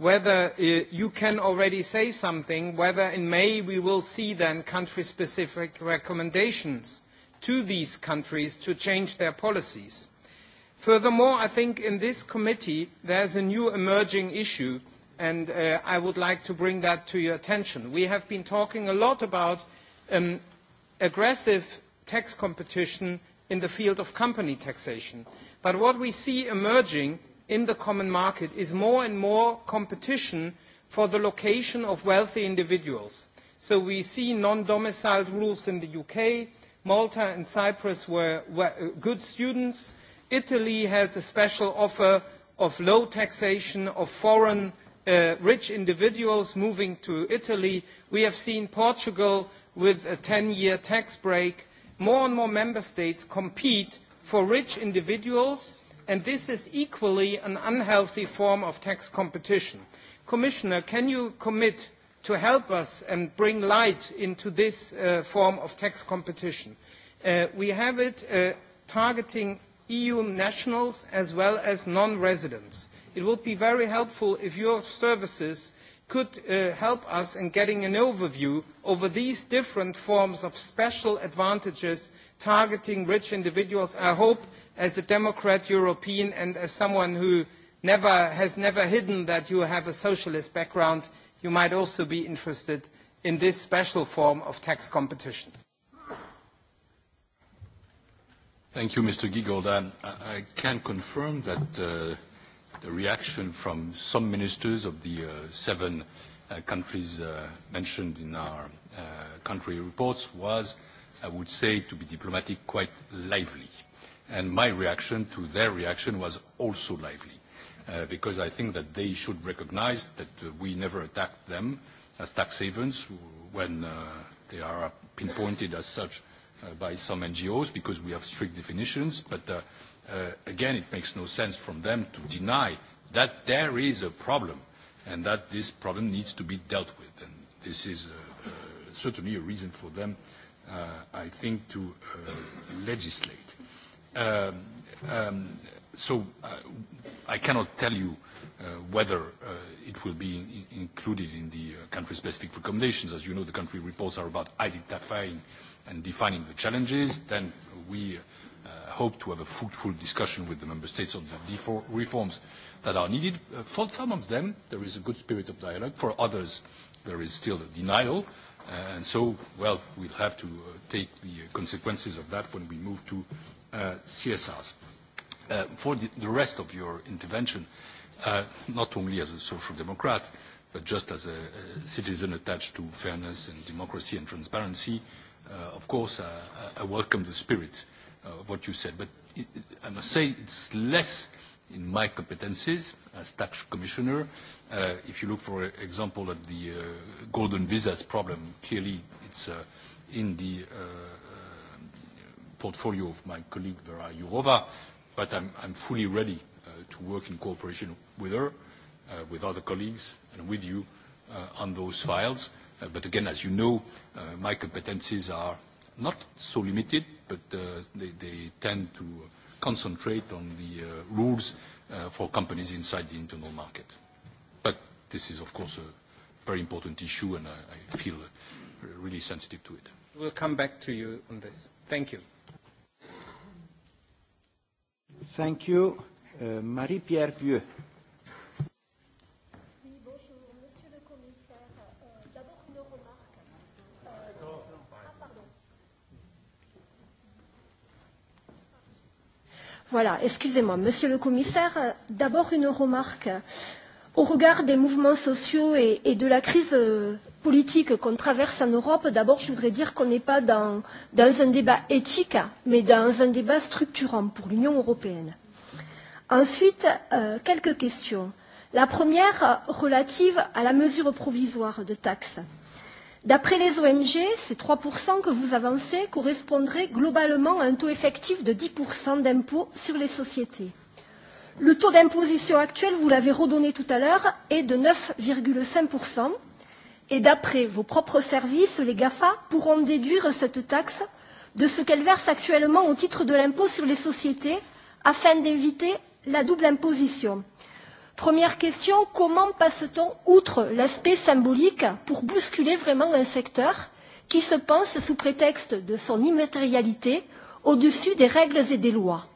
whether uh, you can already say something, whether in May we will see then country-specific recommendations to these countries to change their policies. Furthermore, I think in this committee there is a new emerging issue and uh, I would like to bring that to your attention. We have been talking a lot about um, aggressive tax competition in the field of company taxation. But what we see emerging in the common market is more and more competition for the location of wealthy individuals. So we see non-domiciled rules in the UK, Malta and Cyprus were, were good students, Italy has a special offer of low taxation of foreign uh, rich individuals moving to Italy. We have seen Portugal with a 10-year tax break. More and more member states compete for rich individuals and this is equally an unhealthy form of tax competition. Commissioner, can you commit to help us and bring light into this uh, form of tax competition? Uh, we have it uh, targeting EU nationals as well as non-residents. It would be very helpful if your services could uh, help us in getting an overview over these different forms of special advantages targeting rich individuals. I hope as a Democrat European and as someone who never, has never hidden that you have a socialist background, you might also be interested in this special form of tax competition. Thank you, Mr. Giegold. I, I can confirm that uh, the reaction from some ministers of the uh, seven uh, countries uh, mentioned in our uh, country reports was, I would say, to be diplomatic, quite lively and my reaction to their reaction was also lively, uh, because I think that they should recognize that uh, we never attacked them as tax havens when uh, they are pinpointed as such uh, by some NGOs, because we have strict definitions, but uh, uh, again, it makes no sense from them to deny that there is a problem and that this problem needs to be dealt with. And this is uh, uh, certainly a reason for them, uh, I think, to uh, legislate. Um, um, so uh, I cannot tell you uh, whether uh, it will be in included in the uh, country-specific recommendations. As you know, the country reports are about identifying and defining the challenges. Then we uh, hope to have a fruitful discussion with the member states on the reforms that are needed. Uh, for some of them, there is a good spirit of dialogue. For others, there is still a denial. Uh, and so, well, we'll have to uh, take the uh, consequences of that when we move to Uh, CSRs. Uh, for the, the rest of your intervention, uh, not only as a social democrat, but just as a, a citizen attached to fairness and democracy and transparency, uh, of course, uh, I, I welcome the spirit of what you said. But it, it, I must say it's less in my competencies as tax commissioner. Uh, if you look, for example, at the uh, golden visas problem, clearly it's uh, in the uh, portfolio of my colleague Vera Jourova, but I'm, I'm fully ready uh, to work in cooperation with her, uh, with other colleagues, and with you uh, on those files. Uh, but again, as you know, uh, my competencies are not so limited, but uh, they, they tend to concentrate on the uh, rules uh, for companies inside the internal market. But this is, of course, a very important issue, and I, I feel uh, really sensitive to it. We'll come back to you on this. Thank you. Thank you. Uh, Marie-Pierre Vieux. Euh, euh, ah, voilà, excusez-moi, monsieur le commissaire, euh, d'abord une remarque. Au regard des mouvements sociaux et, et de la crise politique qu'on traverse en Europe, d'abord je voudrais dire qu'on n'est pas dans, dans un débat éthique, mais dans un débat structurant pour l'Union européenne. Ensuite, euh, quelques questions. La première relative à la mesure provisoire de taxes. D'après les ONG, ces 3% que vous avancez correspondraient globalement à un taux effectif de 10% d'impôt sur les sociétés. Le taux d'imposition actuel, vous l'avez redonné tout à l'heure, est de 9,5%, Et d'après vos propres services, les GAFA pourront déduire cette taxe de ce qu'elles versent actuellement au titre de l'impôt sur les sociétés afin d'éviter la double imposition. Première question, comment passe-t-on outre l'aspect symbolique pour bousculer vraiment un secteur qui se pense sous prétexte de son immatérialité au-dessus des règles et des lois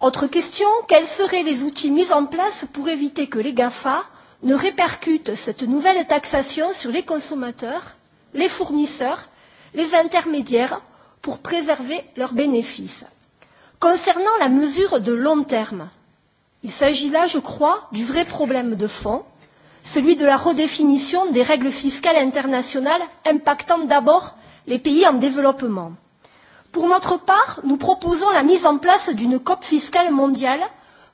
Autre question, quels seraient les outils mis en place pour éviter que les GAFA ne répercute cette nouvelle taxation sur les consommateurs, les fournisseurs, les intermédiaires pour préserver leurs bénéfices. Concernant la mesure de long terme, il s'agit là, je crois, du vrai problème de fond, celui de la redéfinition des règles fiscales internationales impactant d'abord les pays en développement. Pour notre part, nous proposons la mise en place d'une COP fiscale mondiale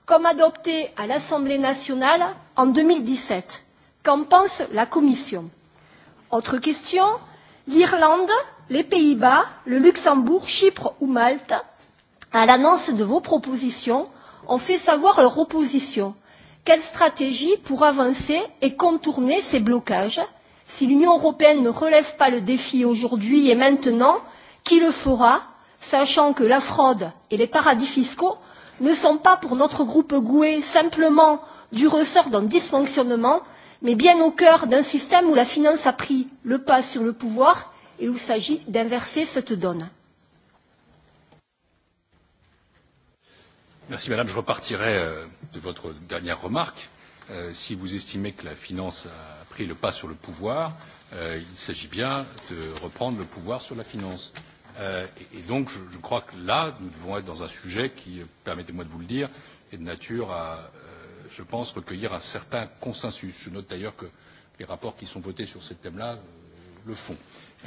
comme adopté à l'Assemblée nationale en 2017. Qu'en pense la Commission Autre question, l'Irlande, les Pays-Bas, le Luxembourg, Chypre ou Malte, à l'annonce de vos propositions, ont fait savoir leur opposition. Quelle stratégie pour avancer et contourner ces blocages Si l'Union européenne ne relève pas le défi aujourd'hui et maintenant, qui le fera, sachant que la fraude et les paradis fiscaux ne sont pas pour notre groupe Goué simplement du ressort d'un dysfonctionnement, mais bien au cœur d'un système où la finance a pris le pas sur le pouvoir et où il s'agit d'inverser cette donne. Merci Madame, je repartirai euh, de votre dernière remarque. Euh, si vous estimez que la finance a pris le pas sur le pouvoir, euh, il s'agit bien de reprendre le pouvoir sur la finance. Euh, et, et donc, je, je crois que là, nous devons être dans un sujet qui, permettez-moi de vous le dire, est de nature à, euh, je pense, recueillir un certain consensus. Je note d'ailleurs que les rapports qui sont votés sur ces thèmes-là euh, le font.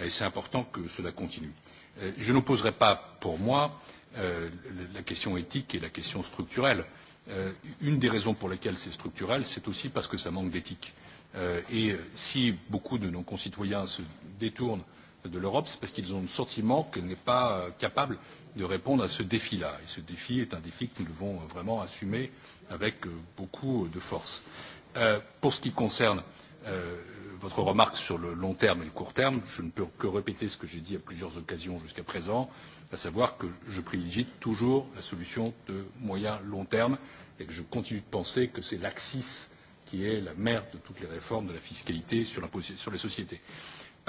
Et c'est important que cela continue. Euh, je n'opposerai pas, pour moi, euh, la question éthique et la question structurelle. Euh, une des raisons pour lesquelles c'est structurel, c'est aussi parce que ça manque d'éthique. Euh, et si beaucoup de nos concitoyens se détournent de l'Europe, c'est parce qu'ils ont le sentiment qu'elle n'est pas euh, capable de répondre à ce défi-là. Et ce défi est un défi que nous devons euh, vraiment assumer avec euh, beaucoup de force. Euh, pour ce qui concerne euh, votre remarque sur le long terme et le court terme, je ne peux que répéter ce que j'ai dit à plusieurs occasions jusqu'à présent, à savoir que je privilégie toujours la solution de moyen-long terme et que je continue de penser que c'est l'axis qui est la mère de toutes les réformes de la fiscalité sur, sur les sociétés.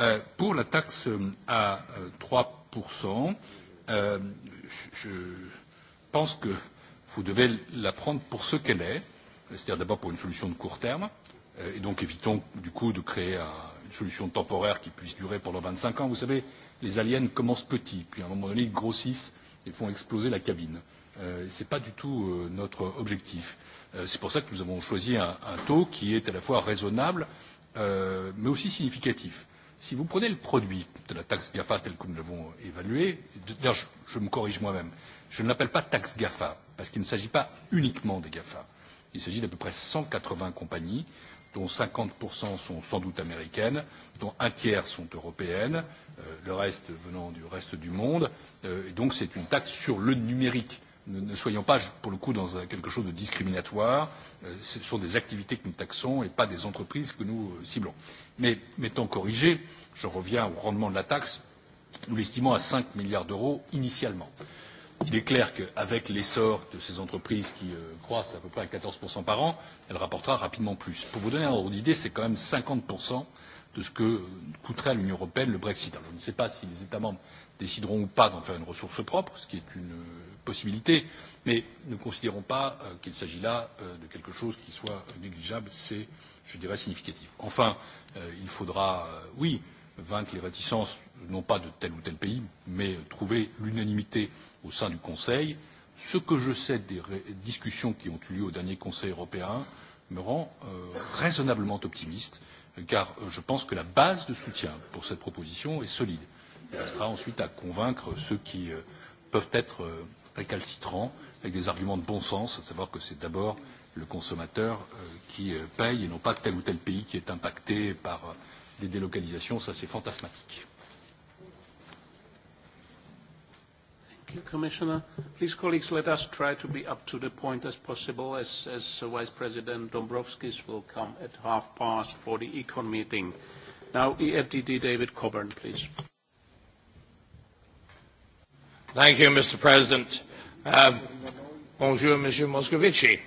Euh, pour la taxe euh, à 3%, euh, euh je pense que vous devez la prendre pour ce qu'elle est, c'est-à-dire d'abord pour une solution de court terme, euh, et donc évitons du coup de créer un, une solution temporaire qui puisse durer pendant 25 ans. Vous savez, les aliens commencent petits, puis à un moment donné, ils grossissent et font exploser la cabine. Euh, Ce n'est pas du tout euh, notre objectif. Euh, C'est pour ça que nous avons choisi un, un taux qui est à la fois raisonnable, euh, mais aussi significatif. Si vous prenez le produit de la taxe GAFA tel que nous l'avons évalué d'ailleurs je, je me corrige moi-même, je ne l'appelle pas taxe GAFA parce qu'il ne s'agit pas uniquement des GAFA. Il s'agit d'à peu près 180 compagnies dont 50% sont sans doute américaines, dont un tiers sont européennes, euh, le reste venant du reste du monde. Euh, et donc c'est une taxe sur le numérique ne, ne soyons pas, pour le coup, dans quelque chose de discriminatoire. Euh, ce sont des activités que nous taxons et pas des entreprises que nous euh, ciblons. Mais m'étant corrigé, je reviens au rendement de la taxe, nous l'estimons à 5 milliards d'euros initialement. Il est clair qu'avec l'essor de ces entreprises qui euh, croissent à peu près à 14% par an, elle rapportera rapidement plus. Pour vous donner un ordre d'idée, c'est quand même 50% de ce que coûterait à l'Union européenne le Brexit. Alors, je ne sais pas si les États membres décideront ou pas d'en faire une ressource propre, ce qui est une possibilité, mais ne considérons pas euh, qu'il s'agit là euh, de quelque chose qui soit négligeable, c'est, je dirais, significatif. Enfin, euh, il faudra, euh, oui, vaincre les réticences, non pas de tel ou tel pays, mais trouver l'unanimité au sein du Conseil. Ce que je sais des discussions qui ont eu lieu au dernier Conseil européen me rend euh, raisonnablement optimiste, car euh, je pense que la base de soutien pour cette proposition est solide. Il restera ensuite à convaincre ceux qui euh, peuvent être euh, récalcitrants, avec des arguments de bon sens, à savoir que c'est d'abord le consommateur euh, qui euh, paye et non pas tel ou tel pays qui est impacté par euh, des délocalisations. Ça, c'est fantasmatique. Thank you, Commissioner. Please, colleagues, let us try to be up to the point as possible, as, as Vice President Dombrovskis will come at half past for the Econ meeting. Now, EFDD David Coburn, please. Thank you, Mr. President. Uh, bonjour, Monsieur Moscovici.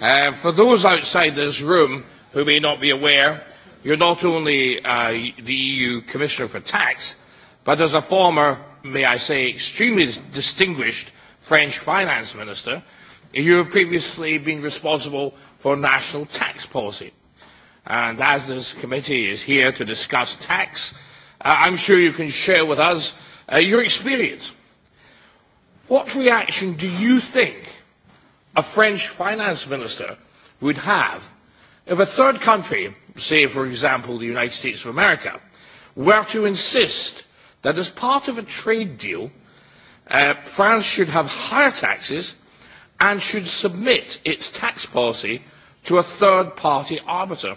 Uh, for those outside this room who may not be aware, you're not only uh, the EU Commissioner for Tax, but as a former, may I say, extremely distinguished French Finance Minister, you have previously been responsible for national tax policy. And as this committee is here to discuss tax, uh, I'm sure you can share with us uh, your experience What reaction do you think a French finance minister would have if a third country, say for example the United States of America, were to insist that as part of a trade deal, uh, France should have higher taxes and should submit its tax policy to a third-party arbiter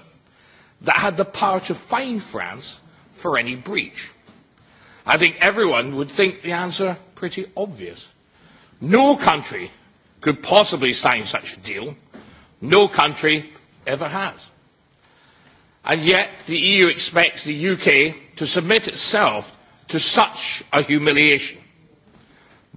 that had the power to fine France for any breach? I think everyone would think the answer pretty obvious. No country could possibly sign such a deal. No country ever has. And yet the EU expects the UK to submit itself to such a humiliation.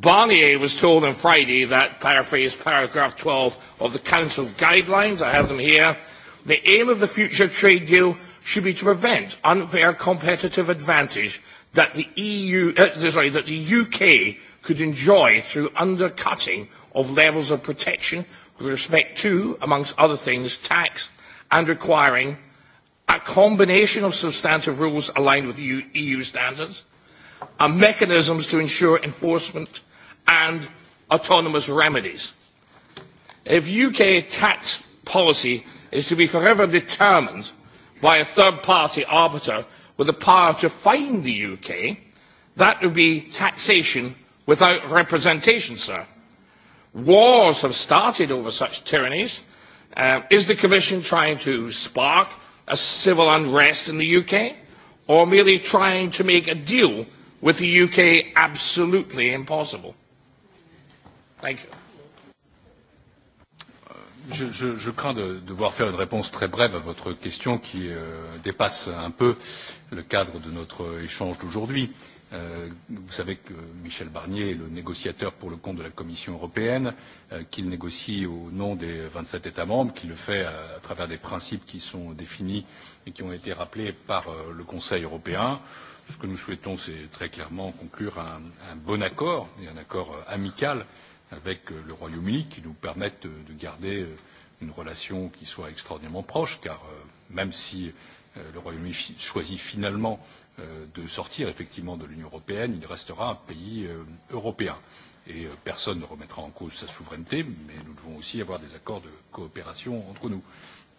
Barnier was told on Friday that, paraphrase paragraph 12 of the Council guidelines, I have them here, the aim of the future trade deal should be to prevent unfair competitive advantage that the, EU, uh, sorry, that the UK could enjoy through undercutting of levels of protection with respect to, amongst other things, tax and requiring a combination of substantive rules aligned with EU, EU standards and mechanisms to ensure enforcement and autonomous remedies. If UK tax policy is to be forever determined by a third-party arbiter with the power to fine the UK, that would be taxation without representation, sir. Wars have started over such tyrannies. Uh, is the Commission trying to spark a civil unrest in the UK or merely trying to make a deal with the UK absolutely impossible? Thank you. Euh, je, je, je crains de devoir faire une réponse très brève à votre question qui euh, dépasse un peu le cadre de notre échange d'aujourd'hui. Euh, Euh, vous savez que Michel Barnier est le négociateur pour le compte de la Commission européenne, euh, qu'il négocie au nom des 27 États membres, qu'il le fait à, à travers des principes qui sont définis et qui ont été rappelés par euh, le Conseil européen. Ce que nous souhaitons, c'est très clairement conclure un, un bon accord et un accord amical avec le Royaume-Uni qui nous permette de garder une relation qui soit extraordinairement proche, car même si le Royaume-Uni choisit finalement Euh, de sortir effectivement de l'Union européenne, il restera un pays euh, européen. Et euh, personne ne remettra en cause sa souveraineté, mais nous devons aussi avoir des accords de coopération entre nous.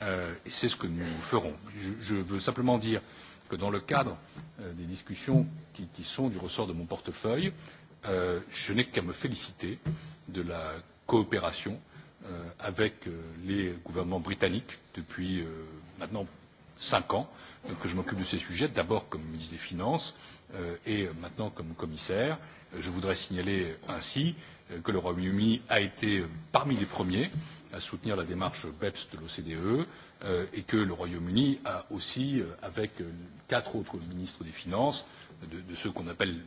Et c'est ce que nous ferons. Je veux simplement dire que dans le cadre des discussions qui, qui sont du ressort de mon portefeuille, je n'ai qu'à me féliciter de la coopération avec les gouvernements britanniques depuis maintenant cinq ans que je m'occupe de ces sujets, d'abord comme ministre des Finances euh, et maintenant comme commissaire. Euh, je voudrais signaler ainsi euh, que le Royaume-Uni a été parmi les premiers à soutenir la démarche BEPS de l'OCDE et que le Royaume-Uni a aussi, avec quatre autres ministres des Finances, de, de ceux qu'on appelle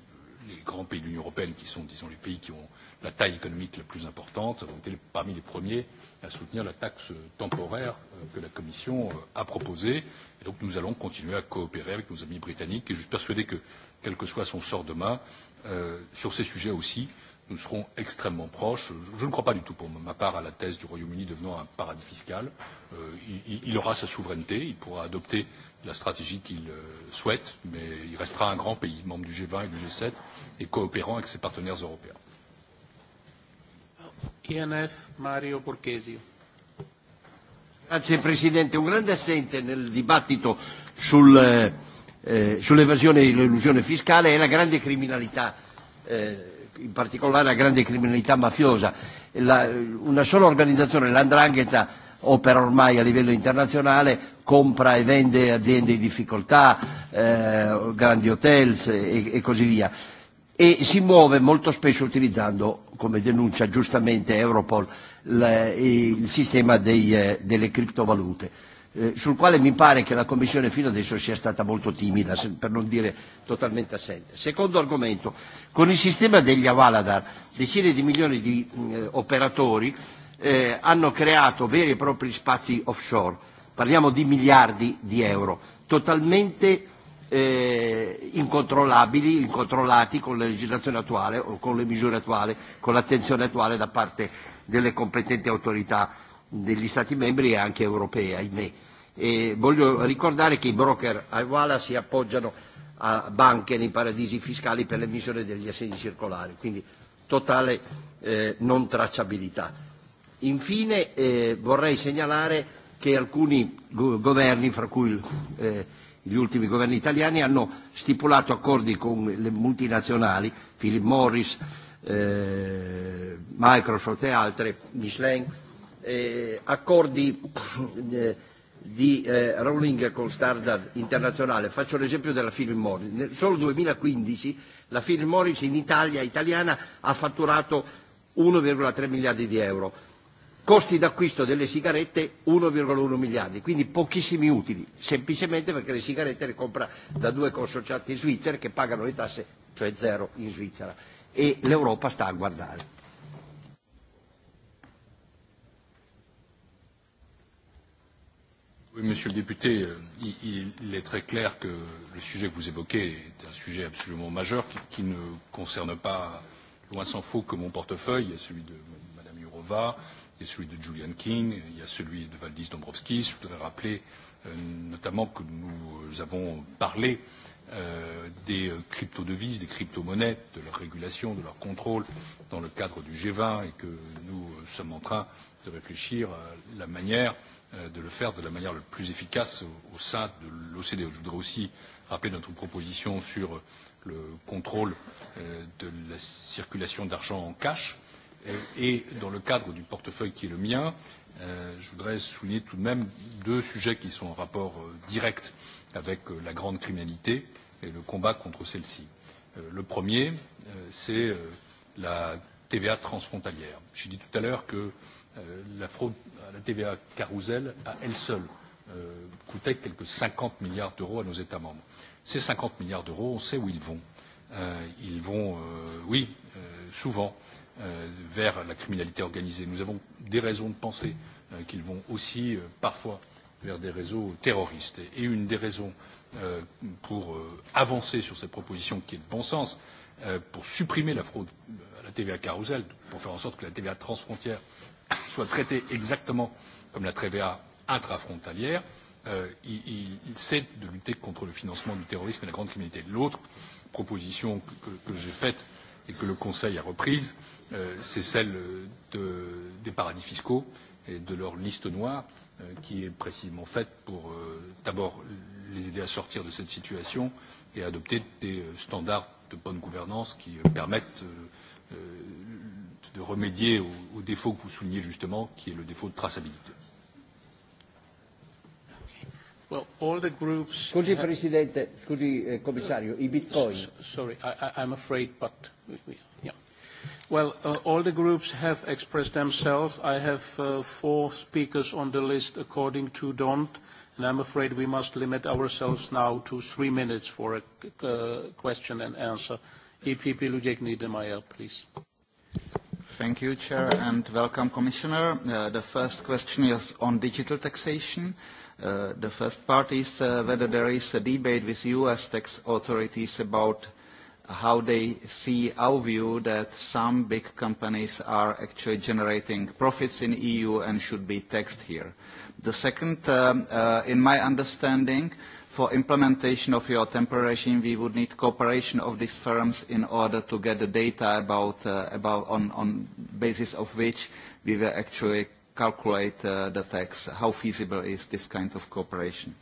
les grands pays de l'Union européenne, qui sont, disons, les pays qui ont la taille économique la plus importante, ont été parmi les premiers à soutenir la taxe temporaire que la Commission a proposée Et donc nous allons continuer à coopérer avec nos amis britanniques et je suis persuadé que, quel que soit son sort demain, euh, sur ces sujets aussi, nous serons extrêmement proches. Je ne crois pas du tout pour ma part à la thèse du Royaume-Uni devenant un paradis fiscal. Euh, il, il aura sa souveraineté, il pourra adopter la stratégie qu'il euh, souhaite, mais il restera un grand pays, membre du G20 et du G7, et coopérant avec ses partenaires européens. INF Mario Borghesio. Grazie Presidente, un grande assente nel dibattito sul, eh, eh sull'evasione e l'illusione fiscale è e la grande criminalità, eh, in particolare la grande criminalità mafiosa. La, una sola organizzazione, l'Andrangheta, opera ormai a livello internazionale, compra e vende aziende in difficoltà, eh, grandi hotels e, e così via e si muove molto spesso utilizzando, come denuncia giustamente Europol, la, il sistema dei, eh, delle criptovalute, eh, sul quale mi pare che la Commissione fino adesso sia stata molto timida, per non dire totalmente assente. Secondo argomento, con il sistema degli Avaladar decine di milioni di eh, operatori eh, hanno creato veri e propri spazi offshore, parliamo di miliardi di euro, totalmente eh, incontrollabili, incontrollati con la legislazione attuale o con le misure attuali, con l'attenzione attuale da parte delle competenti autorità degli Stati membri e anche europee, ahimè. E voglio ricordare che i broker a Iguala si appoggiano a banche nei paradisi fiscali per l'emissione degli assegni circolari, quindi totale eh, non tracciabilità. Infine eh, vorrei segnalare che alcuni governi, fra cui eh, gli ultimi governi italiani hanno stipulato accordi con le multinazionali, Philip Morris, eh, Microsoft e altre, Michelin, eh, accordi eh, di eh, rolling con standard internazionale. Faccio l'esempio della Philip Morris. Nel solo 2015 la Philip Morris in Italia italiana ha fatturato 1,3 miliardi di euro costi d'acquisto delle sigarette 1,1 miliardi, quindi pochissimi utili, semplicemente perché le sigarette le compra da due consociati svizzeri che pagano le tasse, cioè zero in Svizzera, e l'Europa sta a guardare. Oui, monsieur le député, euh, il, il est très clair que le sujet que vous évoquez est un sujet absolument majeur qui, qui ne concerne pas, loin s'en faut, que mon portefeuille, celui de Madame Jourova, euh, Il y a celui de Julian King, il y a celui de Valdis Dombrovskis. Je voudrais rappeler euh, notamment que nous euh, avons parlé euh, des euh, crypto-devises, des crypto-monnaies, de leur régulation, de leur contrôle dans le cadre du G20 et que nous euh, sommes en train de réfléchir à la manière euh, de le faire de la manière la plus efficace au, au sein de l'OCDE. Je voudrais aussi rappeler notre proposition sur le contrôle euh, de la circulation d'argent en cash et dans le cadre du portefeuille qui est le mien, euh, je voudrais souligner tout de même deux sujets qui sont en rapport euh, direct avec euh, la grande criminalité et le combat contre celle-ci. Le premier, c'est la TVA transfrontalière. J'ai dit tout à l'heure que la fraude à la TVA carousel, à elle seule, coûtait quelque 50 milliards d'euros à nos États membres. Ces 50 milliards d'euros, on sait où ils vont. Ils vont, oui, souvent, Euh, vers la criminalité organisée. Nous avons des raisons de penser euh, qu'ils vont aussi euh, parfois vers des réseaux terroristes. Et une des raisons pour avancer sur cette proposition qui est de bon sens, pour supprimer la fraude à la TVA carousel, pour faire en sorte que la TVA transfrontière soit traitée exactement comme la TVA intrafrontalière, c'est de lutter contre le financement du terrorisme et la grande criminalité. L'autre proposition que, que j'ai faite et que le Conseil a reprise, Euh, c'est celle de, des paradis fiscaux et de leur liste noire euh, qui est précisément faite pour euh, d'abord les aider à sortir de cette situation et adopter des standards de bonne gouvernance qui permettent de remédier au, défaut que vous soulignez justement, qui est le défaut de traçabilité. Well, all the groups... Scusi Presidente, scusi eh, Commissario, i Bitcoin. S sorry, I, I'm afraid, but Well, uh, all the groups have expressed themselves. I have uh, four speakers on the list according to Don, and I'm afraid we must limit ourselves now to three minutes for a uh, question and answer. EPP Ludwig Niedermayer, please. Thank you, Chair, and welcome, Commissioner. Uh, the first question is on digital taxation. Uh, the first part is uh, whether there is a debate with U.S. tax authorities about how they see our view that some big companies are actually generating profits in EU and should be taxed here. The second, um, uh, in my understanding, for implementation of your temporary regime, we would need cooperation of these firms in order to get the data about, uh, about on, on basis of which we will actually calculate uh, the tax, how feasible is this kind of cooperation.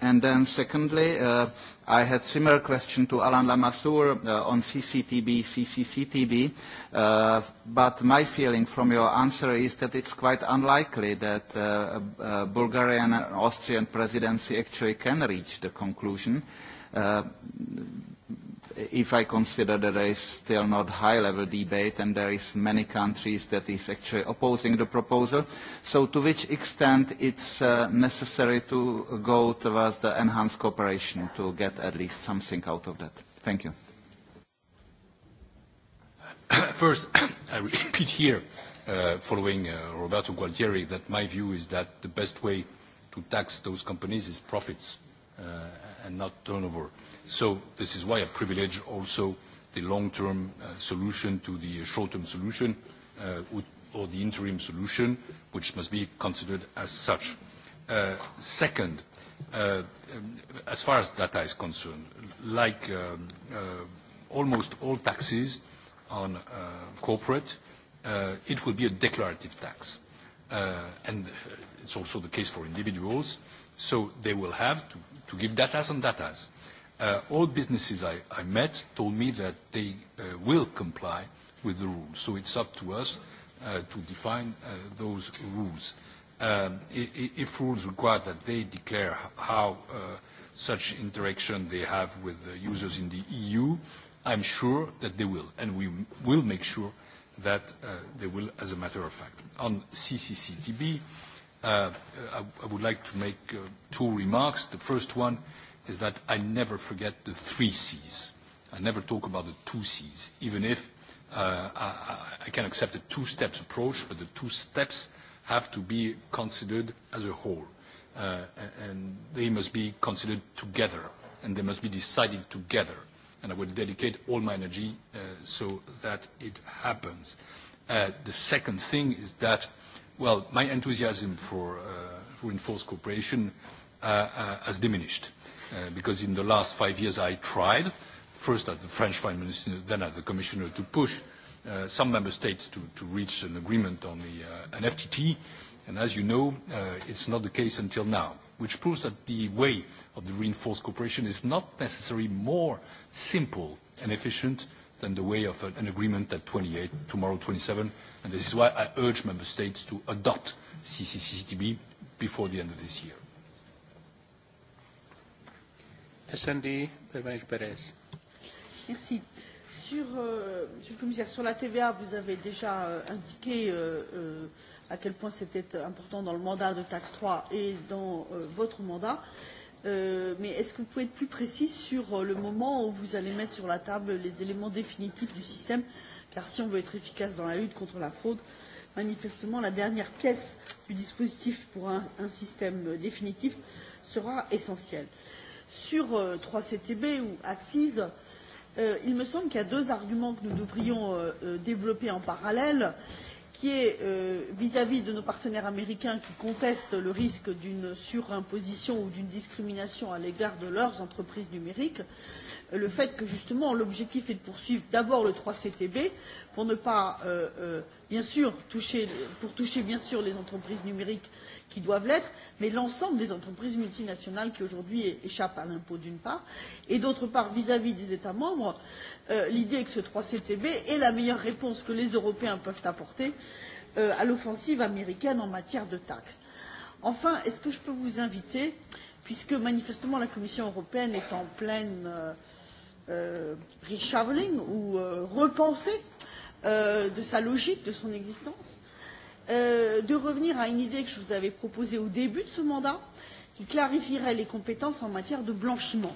And then secondly, uh, I had similar question to Alan Lamassoure uh, on CCTB, CCCTB, uh, but my feeling from your answer is that it's quite unlikely that uh, uh, Bulgarian and Austrian presidency actually can reach the conclusion. Uh, if I consider that there is still not high-level debate and there is many countries that is actually opposing the proposal. So to which extent it's uh, necessary to go towards the enhanced cooperation to get at least something out of that? Thank you. First, I repeat here, uh, following uh, Roberto Gualtieri, that my view is that the best way to tax those companies is profits uh, and not turnover. So this is why I privilege also the long-term uh, solution to the short-term solution uh, or the interim solution, which must be considered as such. Uh, second, uh, um, as far as data is concerned, like um, uh, almost all taxes on uh, corporate, uh, it will be a declarative tax. Uh, and it's also the case for individuals. So they will have to to give data on data. Uh, all businesses I, I met told me that they uh, will comply with the rules. So it's up to us uh, to define uh, those rules. Um, if rules require that they declare how uh, such interaction they have with the users in the EU, I'm sure that they will, and we will make sure that uh, they will, as a matter of fact. On CCCTB, uh, Uh, uh, I, I would like to make uh, two remarks. The first one is that I never forget the three C's. I never talk about the two C's, even if uh, I, I can accept a two-steps approach, but the two steps have to be considered as a whole. Uh, and they must be considered together, and they must be decided together. And I will dedicate all my energy uh, so that it happens. Uh, the second thing is that well, my enthusiasm for uh, reinforced cooperation uh, uh, has diminished uh, because in the last five years I tried, first at the French Foreign Minister, then at the Commissioner, to push uh, some member states to, to reach an agreement on the, uh, an FTT. And as you know, uh, it's not the case until now, which proves that the way of the reinforced cooperation is not necessarily more simple and efficient than the way of an agreement at 28, tomorrow 27, and this is why I urge member states to adopt CCCTB before the end of this year. SND, Perez. Merci. Sur, euh, monsieur le commissaire, sur la TVA, vous avez déjà euh, indiqué euh, euh, à quel point c'était important dans le mandat de taxe 3 et dans euh, votre mandat. Euh, Euh, mais est-ce que vous pouvez être plus précis sur euh, le moment où vous allez mettre sur la table les éléments définitifs du système Car si on veut être efficace dans la lutte contre la fraude, manifestement, la dernière pièce du dispositif pour un, un système euh, définitif sera essentielle. Sur euh, 3CTB ou Axis, euh, il me semble qu'il y a deux arguments que nous devrions euh, développer en parallèle. Euh, qui est euh, vis-à-vis euh, -vis de nos partenaires américains qui contestent le risque d'une surimposition ou d'une discrimination à l'égard de leurs entreprises numériques, euh, le fait que justement l'objectif est de poursuivre d'abord le 3CTB pour ne pas, euh, euh, bien sûr, toucher, pour toucher bien sûr les entreprises numériques qui doivent l'être, mais l'ensemble des entreprises multinationales qui aujourd'hui échappent à l'impôt d'une part, et d'autre part vis-à-vis -vis des États membres, euh, l'idée que ce 3CTB est la meilleure réponse que les Européens peuvent apporter euh, à l'offensive américaine en matière de taxes. Enfin, est-ce que je peux vous inviter, puisque manifestement la Commission européenne est en pleine euh, euh, reshuffling ou euh, repensée euh, de sa logique, de son existence, euh, de revenir à une idée que je vous avais proposée au début de ce mandat, qui clarifierait les compétences en matière de blanchiment.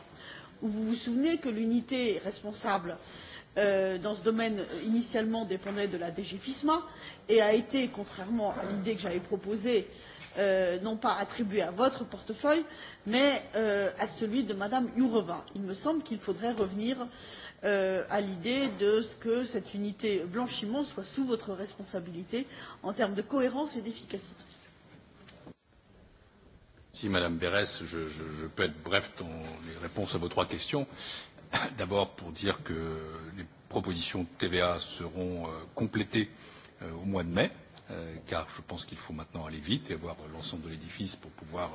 Vous vous souvenez que l'unité responsable euh, dans ce domaine initialement dépendait de la DGFISMA et a été, contrairement à l'idée que j'avais proposée, euh, non pas attribuée à votre portefeuille, mais euh, à celui de Madame Jourova. Il me semble qu'il faudrait revenir euh, euh, à l'idée de ce que cette unité blanchiment soit sous votre responsabilité en termes de cohérence et d'efficacité. Si Madame Berès, je, je, je peux être bref dans les réponses à vos trois questions. D'abord pour dire que les propositions de TVA seront euh, complétées euh, au mois de mai, euh, car je pense qu'il faut maintenant aller vite et voir l'ensemble de l'édifice pour pouvoir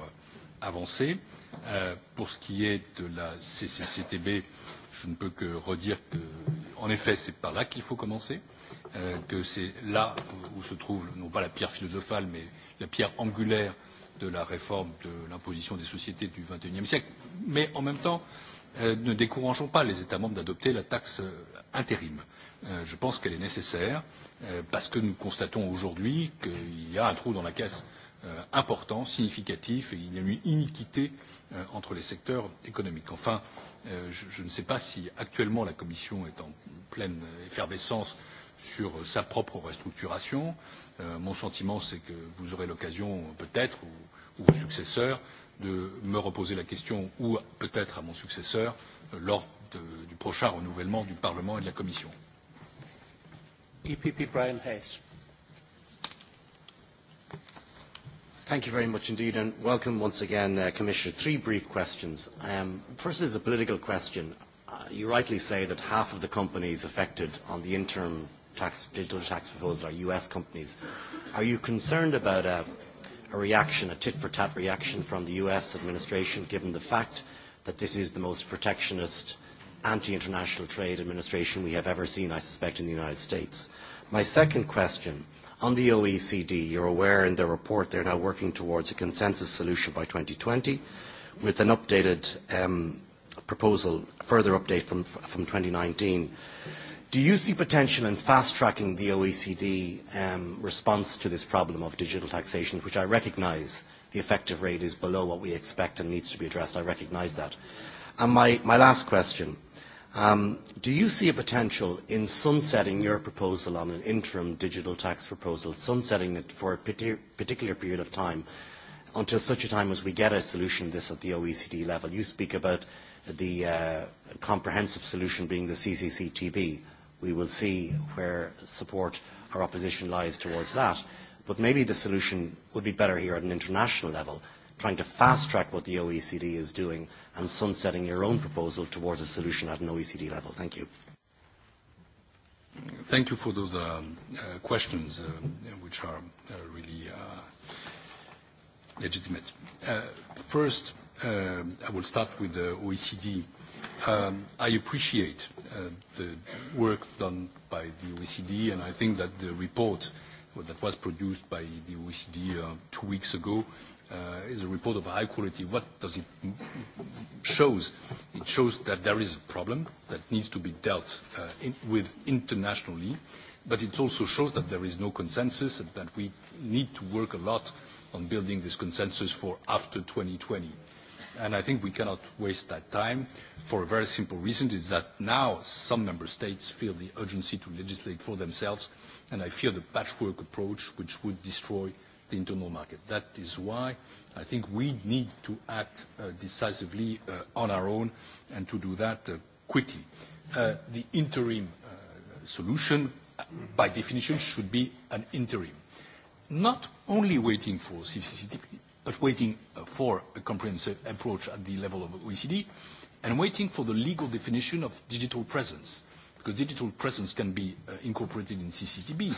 avancer. Pour ce qui est de la CCCTB, je ne peux que redire que, en effet, c'est par là qu'il faut commencer, euh, que c'est là où se trouve, non pas la pierre philosophale, mais la pierre angulaire de la réforme de l'imposition des sociétés du XXIe siècle. Mais en même temps, euh, ne décourageons pas les États membres d'adopter la taxe euh, intérim. Euh, je pense qu'elle est nécessaire euh, parce que nous constatons aujourd'hui qu'il y a un trou dans la caisse euh, important, significatif, et il y a une iniquité euh, entre les secteurs économiques. Enfin, euh, Euh, je, je ne sais pas si actuellement la Commission est en pleine effervescence sur sa propre restructuration. Euh, mon sentiment, c'est que vous aurez l'occasion, peut-être, ou, ou au successeur, de me reposer la question, ou peut-être à mon successeur, euh, lors de, du prochain renouvellement du Parlement et de la Commission. EPP Brian Hayes. Thank you very much indeed and welcome once again, uh, Commissioner. Three brief questions. Um, first is a political question. Uh, you rightly say that half of the companies affected on the interim tax, digital tax proposal are US companies. Are you concerned about a, a reaction, a tit-for-tat reaction from the US administration, given the fact that this is the most protectionist anti-international trade administration we have ever seen, I suspect, in the United States? My second question On the OECD, you're aware in their report they're now working towards a consensus solution by 2020 with an updated um, proposal, further update from, from 2019. Do you see potential in fast-tracking the OECD um, response to this problem of digital taxation, which I recognise the effective rate is below what we expect and needs to be addressed? I recognise that. And my, my last question. Um, do you see a potential in sunsetting your proposal on an interim digital tax proposal, sunsetting it for a particular period of time until such a time as we get a solution this at the OECD level? You speak about the uh, comprehensive solution being the CCCTB. We will see where support or opposition lies towards that. But maybe the solution would be better here at an international level trying to fast track what the OECD is doing and sunsetting your own proposal towards a solution at an OECD level? Thank you. Thank you for those um, uh, questions, uh, which are uh, really uh, legitimate. Uh, first, uh, I will start with the OECD. Um, I appreciate uh, the work done by the OECD, and I think that the report that was produced by the OECD uh, two weeks ago uh, is a report of high quality. What does it show? It shows that there is a problem that needs to be dealt uh, in, with internationally, but it also shows that there is no consensus and that we need to work a lot on building this consensus for after 2020. And I think we cannot waste that time for a very simple reason, is that now some member states feel the urgency to legislate for themselves, and I fear the patchwork approach which would destroy uh, the internal market. That is why I think we need to act uh, decisively uh, on our own and to do that uh, quickly. Uh, the interim uh, solution, uh, by definition, should be an interim. Not only waiting for CCCTP, but waiting uh, for a comprehensive approach at the level of OECD and waiting for the legal definition of digital presence, because digital presence can be uh, incorporated in CCTB,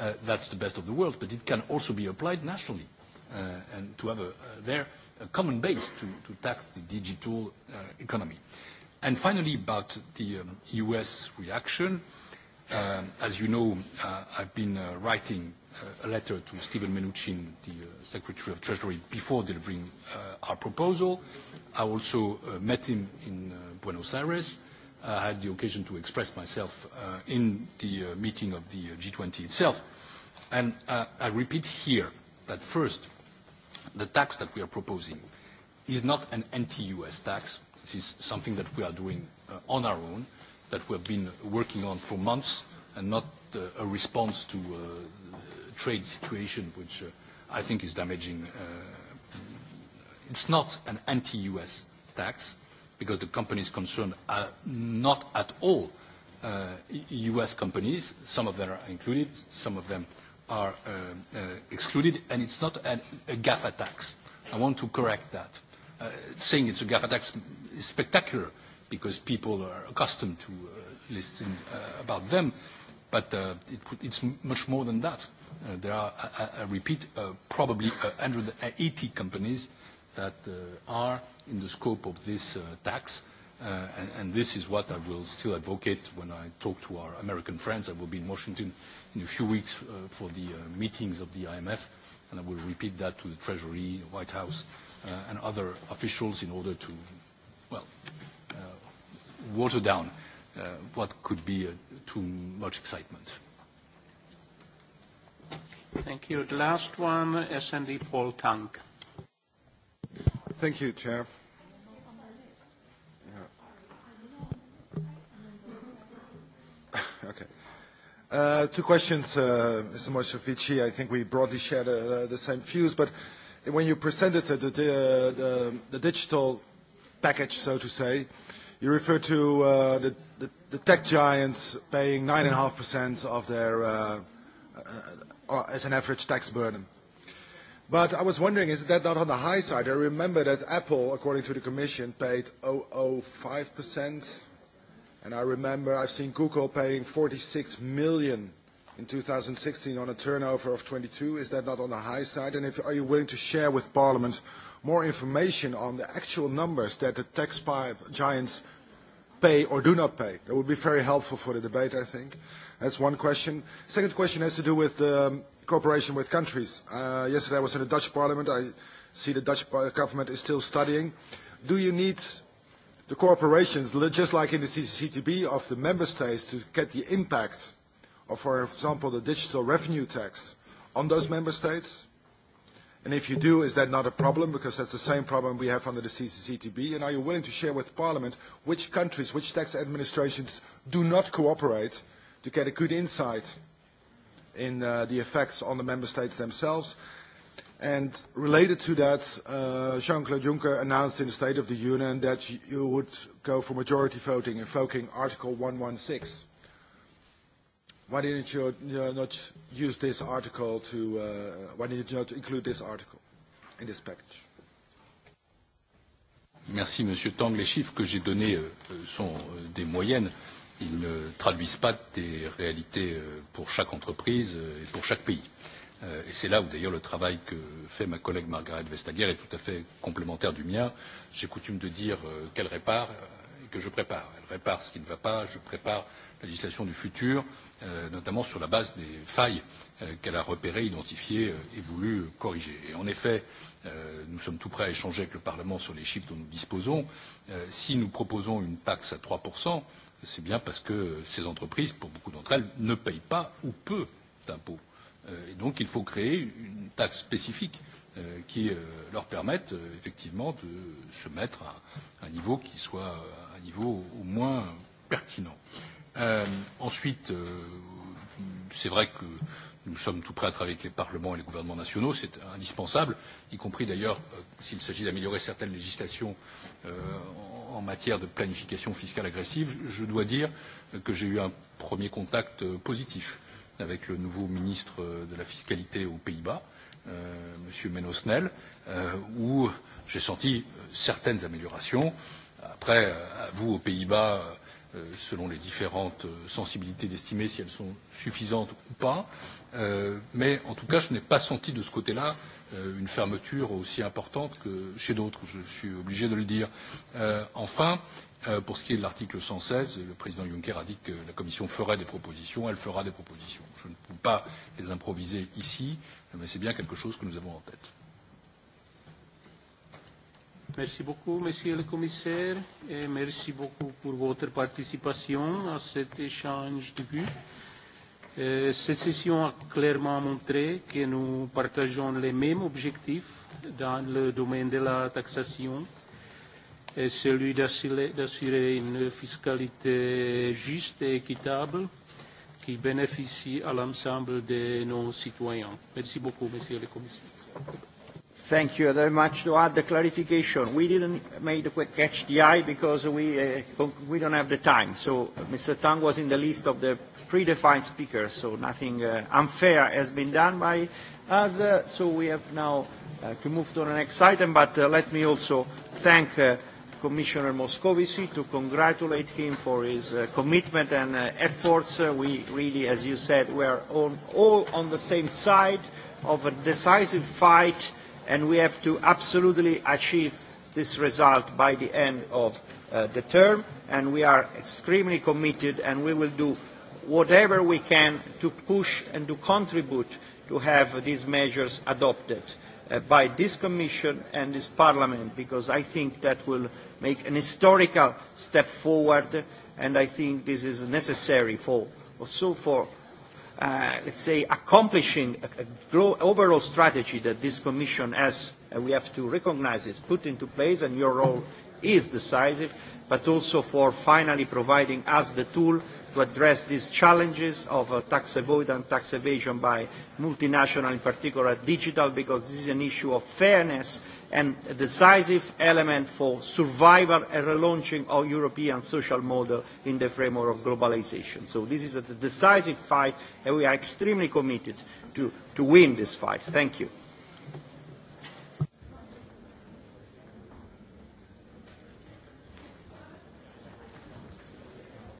Uh, that's the best of the world, but it can also be applied nationally uh, and to have a, uh, there a common base to, to tackle the digital uh, economy. And finally, about the um, U.S. reaction, uh, as you know, uh, I've been uh, writing uh, a letter to Stephen Mnuchin, the uh, Secretary of Treasury, before delivering uh, our proposal. I also uh, met him in uh, Buenos Aires. I had the occasion to express myself uh, in the uh, meeting of the uh, G20 itself. And uh, I repeat here that first, the tax that we are proposing is not an anti-US tax. This is something that we are doing uh, on our own, that we have been working on for months, and not uh, a response to uh, trade situation, which uh, I think is damaging. Uh, it's not an anti-US tax. Uh, because the companies concerned are not at all uh, U.S. companies. Some of them are included, some of them are uh, uh, excluded, and it's not a, a GAFA tax. I want to correct that. Uh, saying it's a GAFA tax is spectacular because people are accustomed to uh, listening uh, about them, but uh, it, it's much more than that. Uh, there are, I, I repeat, uh, probably uh, 180 companies that uh, are in the scope of this uh, tax. Uh, and, and this is what I will still advocate when I talk to our American friends. I will be in Washington in a few weeks uh, for the uh, meetings of the IMF, and I will repeat that to the Treasury, White House, uh, and other officials in order to, well, uh, water down uh, what could be uh, too much excitement. Thank you. The last one, SND Paul Tank. Thank you, Chair. Okay. Uh, two questions, uh, Mr. Moscovici. I think we broadly share the, uh, the same views, but when you presented the, the, the, the digital package, so to say, you referred to uh, the, the, the tech giants paying 9.5% of their, uh, uh, uh, as an average tax burden. But I was wondering, is that not on the high side? I remember that Apple, according to the Commission, paid 005%, And I remember I've seen Google paying 46 million in 2016 on a turnover of 22. Is that not on the high side? And if, are you willing to share with Parliament more information on the actual numbers that the tax giants pay or do not pay? That would be very helpful for the debate, I think. That's one question. Second question has to do with the um, cooperation with countries. Uh, yesterday I was in the Dutch parliament. I see the Dutch government is still studying. Do you need the corporations, just like in the CCTB, of the member states to get the impact of, for example, the digital revenue tax on those member states? And if you do, is that not a problem? Because that's the same problem we have under the CCCTB. And are you willing to share with Parliament which countries, which tax administrations do not cooperate to get a good insight in uh, the effects on the member states themselves And related to that, uh, Jean-Claude Juncker announced in the State of the Union that you would go for majority voting, invoking Article 116. Why didn't you uh, not use this article to, uh, why did you not include this article in this package? Merci, Monsieur Tang. Les chiffres que j'ai donnés euh, euh, sont euh, des moyennes. Ils ne traduisent pas des réalités pour chaque entreprise et pour chaque pays. Euh, Euh, et c'est là où d'ailleurs le travail que fait ma collègue Margaret Vestager est tout à fait complémentaire du mien. J'ai coutume de dire euh, qu'elle répare euh, et que je prépare. Elle répare ce qui ne va pas, je prépare la législation du futur, notamment sur la base des failles qu'elle a repérées, identifiées et voulu corriger. Et en effet, nous sommes tout prêts à échanger avec le Parlement sur les chiffres dont nous disposons. si nous proposons une taxe à 3%, c'est bien parce que ces entreprises, pour beaucoup d'entre elles, ne payent pas ou peu d'impôts Euh, et donc, il faut créer une taxe spécifique euh, qui euh, leur permette effectivement de se mettre à un niveau qui soit un niveau au moins pertinent. Euh, ensuite, c'est vrai que nous sommes tout prêts à travailler avec les parlements et les gouvernements nationaux, c'est indispensable, y compris d'ailleurs s'il s'agit d'améliorer certaines législations en matière de planification fiscale agressive. Je dois dire que j'ai eu un premier contact positif avec le nouveau ministre de la Fiscalité aux Pays-Bas, euh, M. Menosnel, euh, où j'ai senti euh, certaines améliorations. Après, euh, à vous aux Pays-Bas, euh, selon les différentes euh, sensibilités d'estimer si elles sont suffisantes ou pas, euh, mais en tout cas, je n'ai pas senti de ce côté-là euh, Euh, une fermeture aussi importante que chez d'autres, je suis obligé de le dire. Euh, enfin, euh, pour ce qui est de l'article 116, le président Juncker a dit que la Commission ferait des propositions, elle fera des propositions. Je ne peux pas les improviser ici, mais c'est bien quelque chose que nous avons en tête. Merci beaucoup, Monsieur le Commissaire, et merci beaucoup pour votre participation à cet échange de vues. Euh, cette session a clairement montré que nous partageons les mêmes objectifs dans le domaine de la taxation, et celui d'assurer une fiscalité juste et équitable qui bénéficie à l'ensemble de nos citoyens. Merci beaucoup, Monsieur le Commissaire. Thank you very much. To add the clarification, we didn't make the quick catch the eye because we, uh, we don't have the time. So Mr. Tang was in the list of the predefined speaker, so nothing uh, unfair has been done by us. Uh, so we have now uh, to move to the next item, but uh, let me also thank uh, Commissioner Moscovici to congratulate him for his uh, commitment and uh, efforts. Uh, we really, as you said, we are on, all on the same side of a decisive fight, and we have to absolutely achieve this result by the end of uh, the term, and we are extremely committed, and we will do whatever we can to push and to contribute to have these measures adopted uh, by this Commission and this Parliament, because I think that will make an historical step forward, and I think this is necessary for, also for, uh, let's say, accomplishing a, a grow, overall strategy that this Commission has, and we have to recognize it, put into place, and your role is decisive, but also for finally providing us the tool to address these challenges of uh, tax avoidance, tax evasion by multinational, in particular digital, because this is an issue of fairness and a decisive element for survival and relaunching of European social model in the framework of globalization. So this is a decisive fight, and we are extremely committed to, to win this fight. Thank you.